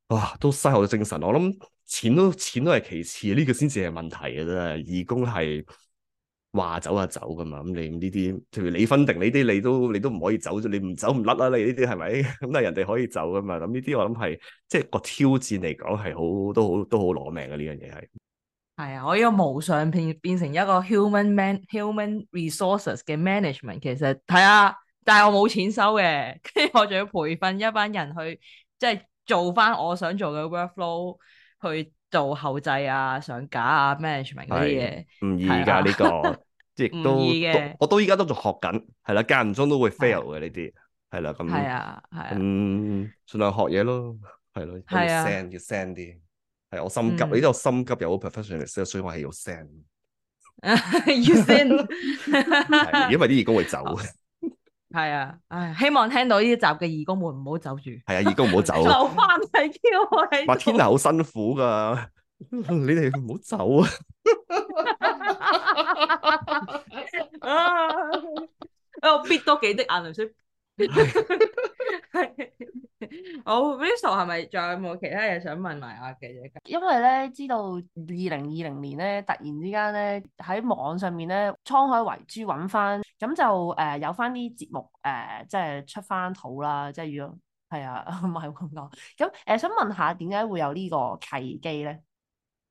哇都嘥好多精神。我諗錢都錢都係其次，呢、這個先至係問題嘅啫。係義工係話走就走㗎嘛，咁你呢啲譬如你分定呢啲，你都你都唔可以走咗，你唔走唔甩啦。你呢啲係咪咁？但係 人哋可以走㗎嘛？咁呢啲我諗係即係個挑戰嚟講係好都好都好攞命嘅呢樣嘢係。係啊，我依個無上變變成一個 human man human resources 嘅 management，其實係啊，但係我冇錢收嘅，跟住我仲要培訓一班人去，即係做翻我想做嘅 workflow，去做後製啊、上架是啊、management 啲嘢，唔易噶呢、呢個，即係亦都，我都依家都仲學緊，係啦、啊，間唔中都會 fail 嘅呢啲，係啦對，咁、啊，樣啊啊、嗯，盡量學嘢咯，係咯、啊，要 send 要 send 啲。係我心急，你呢度心急有 professionalism，所以我係要 send。要 send，因為啲義工會走。係啊，唉，希望聽到呢一集嘅義工們唔好走住。係啊，義工唔好走。留翻嚟 Q，白天啊好辛苦噶，你哋唔好走啊！啊，我憋多幾滴眼淚水。係，好，Risto 係咪仲有冇其他嘢想問埋阿記姐？因為咧，知道二零二零年咧，突然之間咧喺網上面咧，滄海遺珠搵翻，咁就誒有翻啲節目誒，即係出翻土啦，即係如果係啊，唔係咁講，咁誒想問下，點解會有呢個契機咧？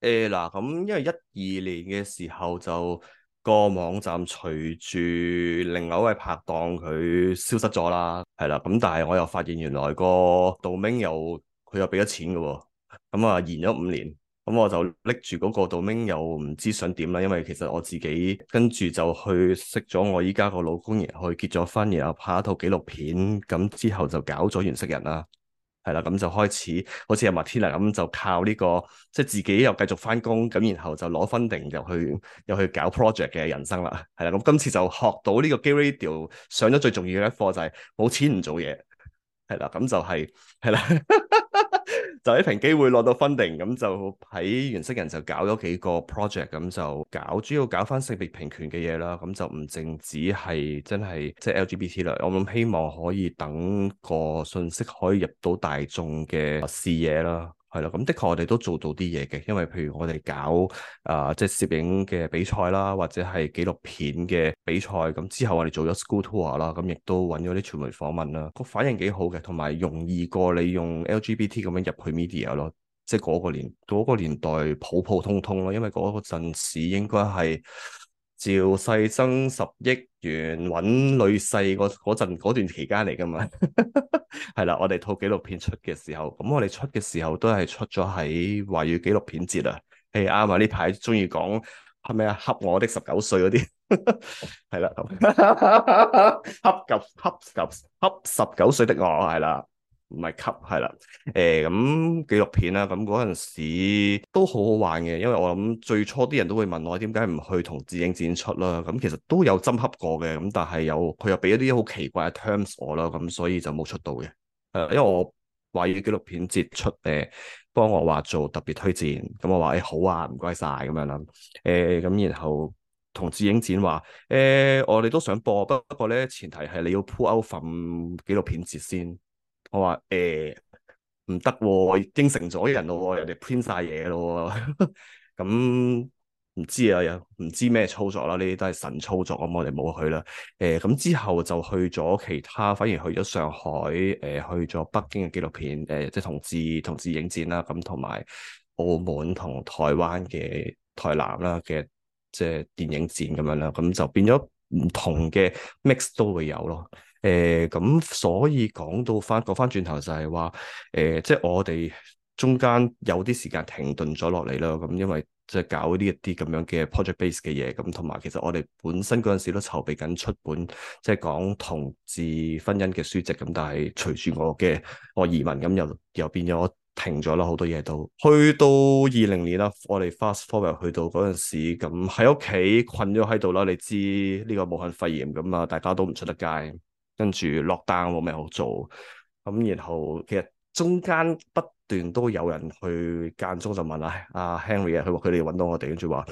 誒嗱，咁因為一二年嘅時候就。個網站隨住另外一位拍檔佢消失咗啦，係啦，咁但係我又發現原來個 domain 又佢又俾咗錢噶，咁、嗯、啊，延咗五年，咁、嗯、我就拎住嗰個 domain 又唔知想點啦，因為其實我自己跟住就去識咗我依家個老公，然後去結咗婚，然後拍一套紀錄片，咁之後就搞咗原識人啦。係啦，咁就開始，好似阿 Matina 咁，就靠呢、這個即係自己又繼續翻工，咁然後就攞 funding 又去又去搞 project 嘅人生啦。係啦，咁今次就學到呢個 Gay Radio 上咗最重要嘅一課就係、是、冇錢唔做嘢。係啦，咁就係係啦。 就喺平機會落到 funding 咁就喺原色人就搞咗幾個 project 咁就搞主要搞翻性別平權嘅嘢啦，咁就唔淨止係真係即係 LGBT 啦，我諗希望可以等個信息可以入到大眾嘅視野啦。係啦，咁的，的確我哋都做到啲嘢嘅，因為譬如我哋搞啊、呃、即係攝影嘅比賽啦，或者係紀錄片嘅比賽，咁之後我哋做咗 school tour 啦，咁亦都揾咗啲傳媒訪問啦，個反應幾好嘅，同埋容易過你用 LGBT 咁樣入去 media 咯，即係嗰個年嗰、嗰個、年代普普通通咯，因為嗰個陣時應該係。趙世曾十億元揾女婿嗰嗰陣嗰段期間嚟噶嘛，係 啦，我哋套紀錄片出嘅時候，咁我哋出嘅時候都係出咗喺華語紀錄片節啦，係啱啊！呢排中意講係咪啊，恰我的十九歲嗰啲，係 啦，恰及恰及恰十九歲的我，係啦。唔係吸，係啦，誒咁、欸、紀錄片啦，咁嗰陣時都好好玩嘅，因為我諗最初啲人都會問我點解唔去同志影展出啦，咁其實都有斟合過嘅，咁但係有佢又俾一啲好奇怪嘅 terms 我啦，咁所以就冇出到嘅。誒，因為我話要紀錄片節出，誒幫我話做特別推薦，咁我話誒、欸、好啊，唔該晒。咁樣啦、啊，誒、欸、咁然後同志影展話誒、欸、我哋都想播，不過咧前提係你要鋪 out 份紀錄片節先。我話誒，唔、欸、得，我、喔、應成應承咗人咯、喔，人哋編晒嘢咯。咁 唔知啊，又唔知咩操作啦，呢啲都係神操作，咁我哋冇去啦。誒、欸，咁之後就去咗其他，反而去咗上海，誒、欸，去咗北京嘅紀錄片，誒、欸，即係同志同志影展啦，咁同埋澳門同台灣嘅台南啦嘅，即係電影展咁樣啦，咁就變咗唔同嘅 mix 都會有咯。誒，咁、呃、所以講到翻，講翻轉頭就係話，誒、呃，即、就、係、是、我哋中間有啲時間停頓咗落嚟啦。咁因為即係搞呢一啲咁樣嘅 project base 嘅嘢，咁同埋其實我哋本身嗰陣時都籌備緊出本，即、就、係、是、講同志婚姻嘅書籍咁、嗯。但係隨住我嘅我移民，咁、嗯、又又變咗停咗啦，好多嘢都去到二零年啦。我哋 fast forward 去到嗰陣時，咁喺屋企困咗喺度啦。你知呢個武漢肺炎咁啊，大家都唔出得街。跟住落單冇咩好做，咁然後其實中間不斷都有人去間中就問、哎、啊，阿 Henry 他他啊，佢話佢哋搵到我哋，跟住話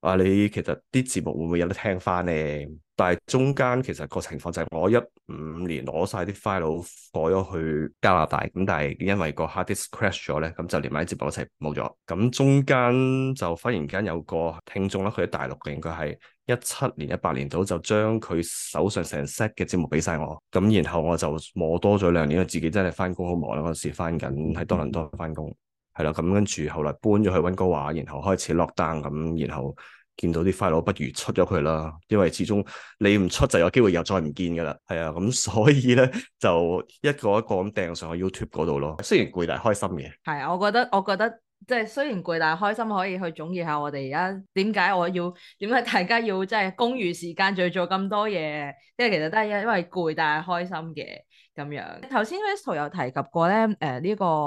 啊你其實啲節目會唔會有得聽翻咧？但係中間其實個情況就係我一五年攞晒啲 file 改咗去加拿大，咁但係因為個 hard disk crash 咗咧，咁就連埋啲節目一齊冇咗。咁中間就忽然間有個聽眾啦，佢喺大陸嘅，應該係。一七年、一八年度就將佢手上成 set 嘅節目俾晒我，咁然後我就摸多咗兩年，我自己真係翻工好忙啦，嗰時翻緊喺多倫多翻工，係啦，咁跟住後嚟搬咗去溫哥華，然後開始落單，咁然後見到啲快樂，不如出咗佢啦，因為始終你唔出就有機會又再唔見噶啦，係啊，咁所以咧就一個一個咁掟上去 YouTube 嗰度咯，雖然攰，但係開心嘅。係啊，我覺得，我覺得。即係雖然攰，但係開心可以去總結下我哋而家點解我要，點解大家要即係公餘時間仲要做咁多嘢，因為其實都係因為攰，但係開心嘅咁樣。頭先 Risto 有提及過咧，誒、呃這個、呢個二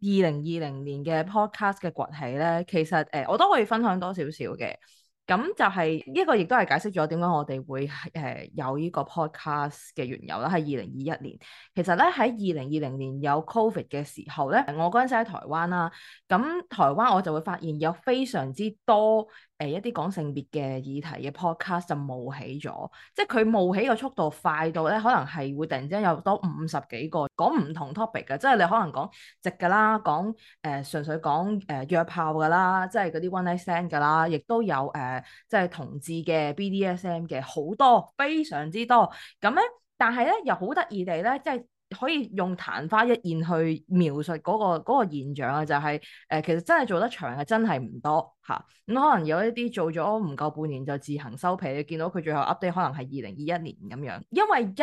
零二零年嘅 podcast 嘅崛起咧，其實誒、呃、我都可以分享多少少嘅。咁就係呢個，亦都係解釋咗點解我哋會誒、呃、有呢個 Podcast 嘅緣由啦。係二零二一年，其實咧喺二零二零年有 COVID 嘅時候咧，我嗰陣時喺台灣啦，咁台灣我就會發現有非常之多。誒一啲講性別嘅議題嘅 podcast 就冒起咗，即係佢冒起嘅速度快到咧，可能係會突然之間有多五十幾個講唔同 topic 嘅，即係你可能講直㗎啦，講誒、呃、純粹講誒、呃、約炮㗎啦，即係嗰啲 one night stand 㗎啦，亦都有誒、呃、即係同志嘅 BDSM 嘅，好多非常之多。咁咧，但係咧又好得意地咧，即係。可以用曇花一現去描述嗰個嗰個現象啊，就係誒其實真係做得長嘅真係唔多嚇，咁可能有一啲做咗唔夠半年就自行收皮，你見到佢最後 update 可能係二零二一年咁樣。因為一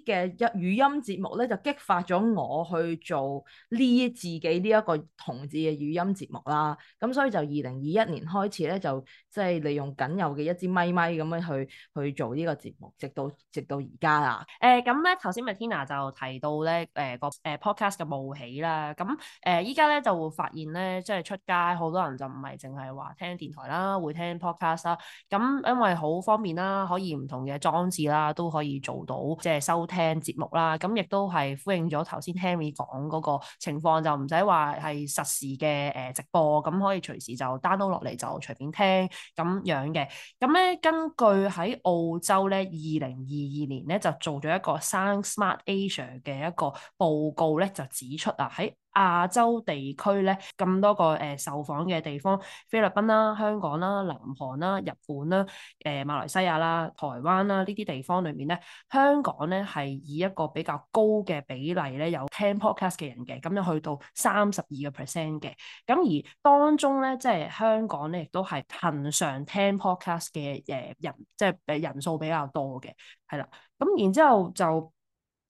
啲嘅一語音節目咧就激發咗我去做呢自己呢一個同志嘅語音節目啦，咁所以就二零二一年開始咧就即係利用僅有嘅一支咪咪咁樣去去做呢個節目，直到直到而家啦。誒咁咧頭先馬天娜就提到。咧誒個誒 podcast 嘅冒起啦，咁誒依家咧就會發現咧，即係出街好多人就唔係淨係話聽電台啦，會聽 podcast 啦。咁、嗯、因為好方便啦，可以唔同嘅裝置啦，都可以做到即係收聽節目啦。咁、嗯、亦都係呼應咗頭先 Tammy 講個情況，就唔使話係實時嘅誒直播，咁、嗯、可以隨時就 download 落嚟，就隨便聽咁樣嘅。咁、嗯、咧根據喺澳洲咧，二零二二年咧就做咗一個 Sound Smart Asia 嘅。一個報告咧就指出啊，喺亞洲地區咧咁多個誒、呃、受訪嘅地方，菲律賓啦、香港啦、南韓啦、日本啦、誒、呃、馬來西亞啦、台灣啦呢啲地方裏面咧，香港咧係以一個比較高嘅比例咧有聽 podcast 嘅人嘅，咁就去到三十二個 percent 嘅，咁而當中咧即係香港咧亦都係恆常聽 podcast 嘅誒人，即係誒人數比較多嘅，係啦，咁然之後就，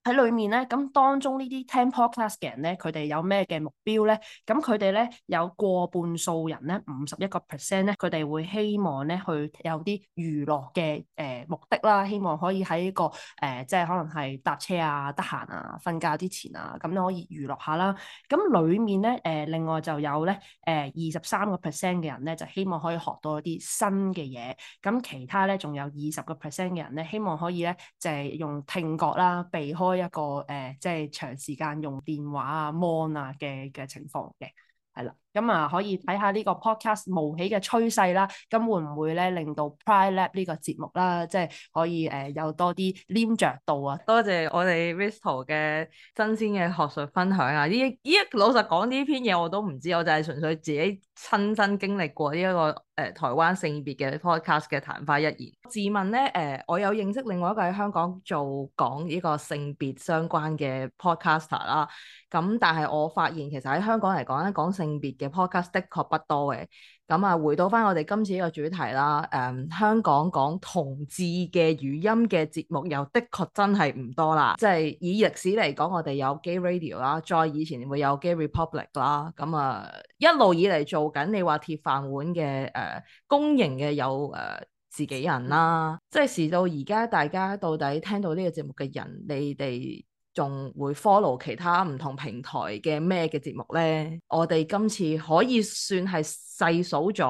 喺裏面咧，咁當中呢啲聽 podcast 嘅人咧，佢哋有咩嘅目標咧？咁佢哋咧有過半數人咧，五十一個 percent 咧，佢哋會希望咧去有啲娛樂嘅誒目的啦，希望可以喺個誒、呃，即係可能係搭車啊、得閒啊、瞓覺之前啊，咁你可以娛樂下啦。咁裏面咧誒、呃，另外就有咧誒二十三個 percent 嘅人咧，就希望可以學到一啲新嘅嘢。咁其他咧仲有二十個 percent 嘅人咧，希望可以咧就係、是、用聽覺啦，避開。開一個誒、呃，即係長時間用電話啊、mon 啊嘅嘅情況嘅，係啦。咁啊、嗯，可以睇下個、嗯、會會呢個 podcast 冒起嘅趨勢啦，咁會唔會咧令到 p r i Lab 呢個節目啦，即係可以誒、呃、有多啲黏着度啊？多謝我哋 Risto 嘅新鮮嘅學術分享啊！呢一,一老實講呢篇嘢我都唔知，我就係純粹自己親身經歷過呢、這個呃、一個誒台灣性別嘅 podcast 嘅曇花一現，自問咧誒、呃、我有認識另外一個喺香港做講呢個性別相關嘅 podcaster 啦，咁但係我發現其實喺香港嚟講咧講性別。嘅 podcast 的確不多嘅，咁啊，回到返我哋今次呢個主題啦，誒、嗯、香港講同志嘅語音嘅節目又的確真係唔多啦，即係以歷史嚟講，我哋有 Gay Radio 啦，再以前會有 Gay Republic 啦，咁、嗯、啊一路以嚟做緊你話鐵飯碗嘅誒、呃、公營嘅有誒、呃、自己人啦，嗯、即係時到而家，大家到底聽到呢個節目嘅人，你哋？仲會 follow 其他唔同平台嘅咩嘅節目呢？我哋今次可以算係細數咗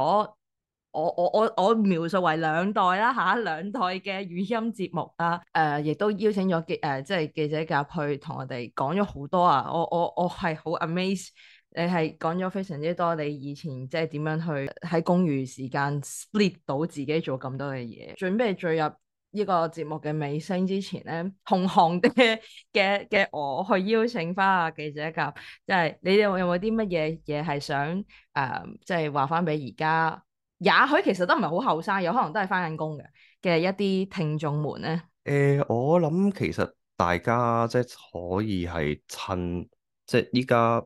我我我我描述為兩代啦吓，兩、啊、代嘅語音節目啦，誒、呃，亦都邀請咗記誒，即係記者甲去同我哋講咗好多啊！我我我係好 amaze，你係講咗非常之多，你以前即係點樣去喺公餘時間 split 到自己做咁多嘅嘢，準備進入。呢個節目嘅尾聲之前咧，同行嘅嘅嘅我去邀請翻阿記者甲，即係你哋有冇啲乜嘢嘢係想誒，即係話翻俾而家，也許其實都唔係好後生，有可能都係翻緊工嘅嘅一啲聽眾們咧。誒、呃，我諗其實大家即係可以係趁即係依家。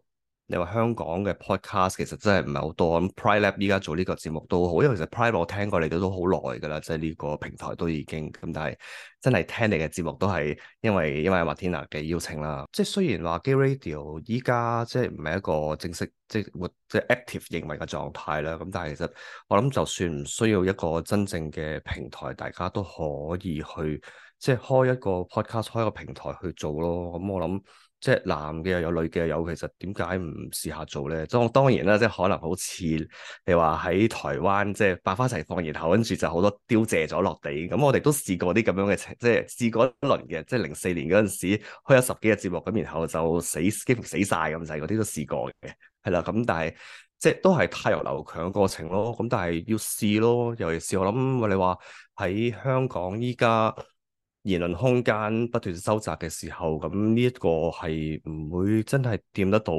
你話香港嘅 podcast 其實真係唔係好多咁，Private 依家做呢個節目都好，因為其實 Private 我聽過嚟都好耐㗎啦，即係呢個平台都已經咁，但係真係聽你嘅節目都係因為因為馬天娜嘅邀請啦。即係雖然話 Gay Radio 依家即係唔係一個正式即係活即係 active 認為嘅狀態啦，咁但係其實我諗就算唔需要一個真正嘅平台，大家都可以去即係開一個 podcast 開一個平台去做咯。咁、嗯、我諗。即係男嘅又有女嘅又有，其實點解唔試下做咧？當當然啦，即係可能好似你話喺台灣，即係百花齊放，然後跟住就好多凋謝咗落地。咁我哋都試過啲咁樣嘅情，即係試過一輪嘅，即係零四年嗰陣時開咗十幾日節目，咁然後就死幾乎死曬咁滯，嗰啲都試過嘅，係啦。咁但係即係都係汰弱留強嘅過程咯。咁但係要試咯，尤其是我諗，你話喺香港依家。言論空間不斷收窄嘅時候，咁呢一個係唔會真係掂得到，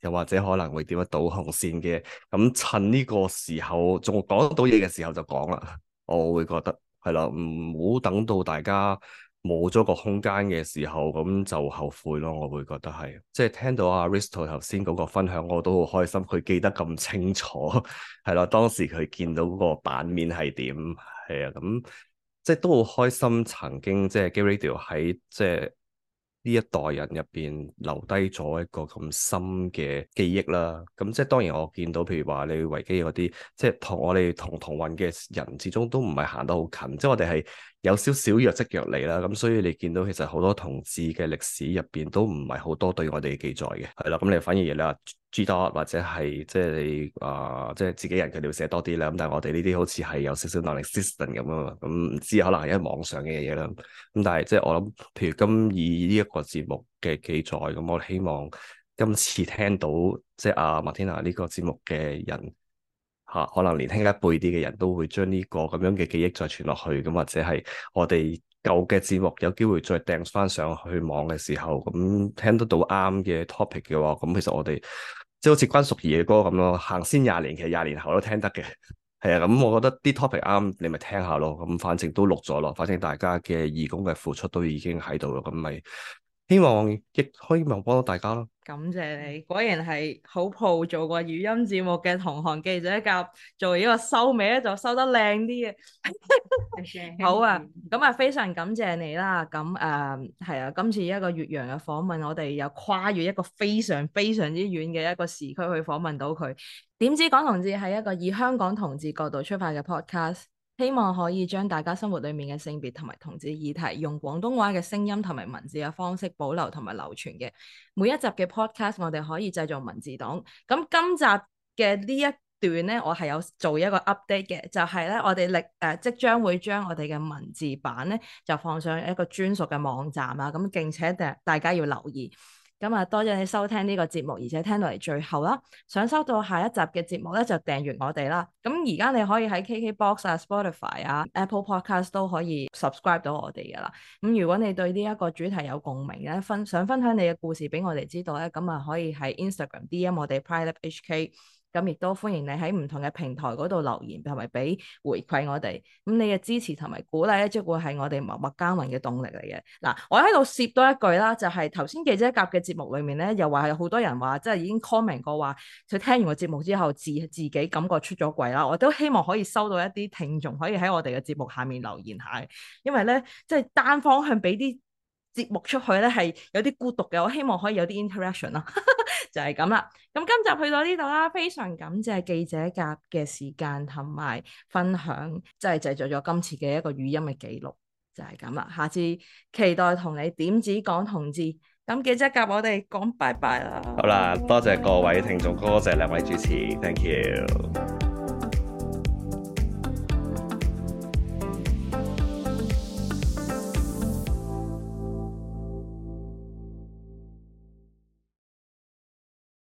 又或者可能會掂得到紅線嘅。咁趁呢個時候仲講得到嘢嘅時候就講啦，我會覺得係啦，唔好等到大家冇咗個空間嘅時候，咁就後悔咯。我會覺得係，即係聽到阿 Risto 頭先嗰個分享，我都好開心，佢記得咁清楚，係啦，當時佢見到個版面係點，係啊，咁。即係都好開心，曾經即係 Gay Radio 喺，即係呢一代人入邊留低咗一個咁深嘅記憶啦。咁即係當然我見到，譬如話你維基嗰啲，即係同我哋同同運嘅人，始終都唔係行得好近，即係我哋係。有少少弱即弱理啦，咁所以你見到其實好多同志嘅歷史入邊都唔係好多對我哋嘅記載嘅，係啦，咁你反而你啦 g t 或者係即係你啊，即係、呃、自己人佢哋會寫多啲啦，咁但係我哋呢啲好似係有少少 non-existent 咁啊，咁、嗯、唔知可能係一網上嘅嘢啦，咁但係即係我諗，譬如今以呢一個節目嘅記載，咁我希望今次聽到即係阿麥天娜呢個節目嘅人。嚇，可能年輕一輩啲嘅人都會將呢個咁樣嘅記憶再傳落去，咁或者係我哋舊嘅節目有機會再掟翻上去網嘅時候，咁聽得到啱嘅 topic 嘅話，咁其實我哋即係好似關淑怡嘅歌咁咯，行先廿年，其實廿年後都聽得嘅，係 啊，咁我覺得啲 topic 啱，你咪聽下咯，咁反正都錄咗咯，反正大家嘅義工嘅付出都已經喺度咯，咁咪希望亦希望咪幫到大家咯。感謝你，果然係好 pro 做過語音節目嘅同行記者甲，及做呢個收尾咧，就收得靚啲嘅。 Okay. 好啊，咁啊，非常感謝你啦。咁誒，係、嗯、啊，今次一個越洋嘅訪問，我哋又跨越一個非常非常之遠嘅一個時區去訪問到佢。點知港同志係一個以香港同志角度出發嘅 podcast，希望可以將大家生活裡面嘅性別同埋同志議題，用廣東話嘅聲音同埋文字嘅方式保留同埋流傳嘅。每一集嘅 podcast，我哋可以製造文字檔。咁今集嘅呢一段呢，我係有做一個 update 嘅，就係、是、咧我哋力誒即將會將我哋嘅文字版呢，就放上一個專屬嘅網站啊。咁，並且第大家要留意。咁啊，多謝你收聽呢個節目，而且聽到嚟最後啦。想收到下一集嘅節目咧，就訂閱我哋啦。咁而家你可以喺 KKBox 啊、Spotify 啊、Apple Podcast 都可以 subscribe 到我哋噶啦。咁如果你對呢一個主題有共鳴咧，分想分享你嘅故事俾我哋知道咧，咁啊可以喺 Instagram DM 我哋 Private HK。咁亦都歡迎你喺唔同嘅平台嗰度留言，同埋俾回饋我哋。咁你嘅支持同埋鼓勵咧，即會係我哋默默耕耘嘅動力嚟嘅。嗱，我喺度攝多一句啦，就係頭先記者甲嘅節目裏面咧，又話有好多人話，即係已經 comment 過話，佢聽完個節目之後，自己自己感覺出咗櫃啦。我都希望可以收到一啲聽眾可以喺我哋嘅節目下面留言下，因為咧，即係單方向俾啲節目出去咧係有啲孤獨嘅，我希望可以有啲 interaction 啦， 就係咁啦。咁今集去到呢度啦，非常感謝記者甲嘅時間同埋分享，即係製作咗今次嘅一個語音嘅記錄，就係咁啦。下次期待同你點止講同志，咁記者甲我哋講拜拜啦。好啦，多謝各位聽眾，多謝兩位主持，謝位主持，Thank you。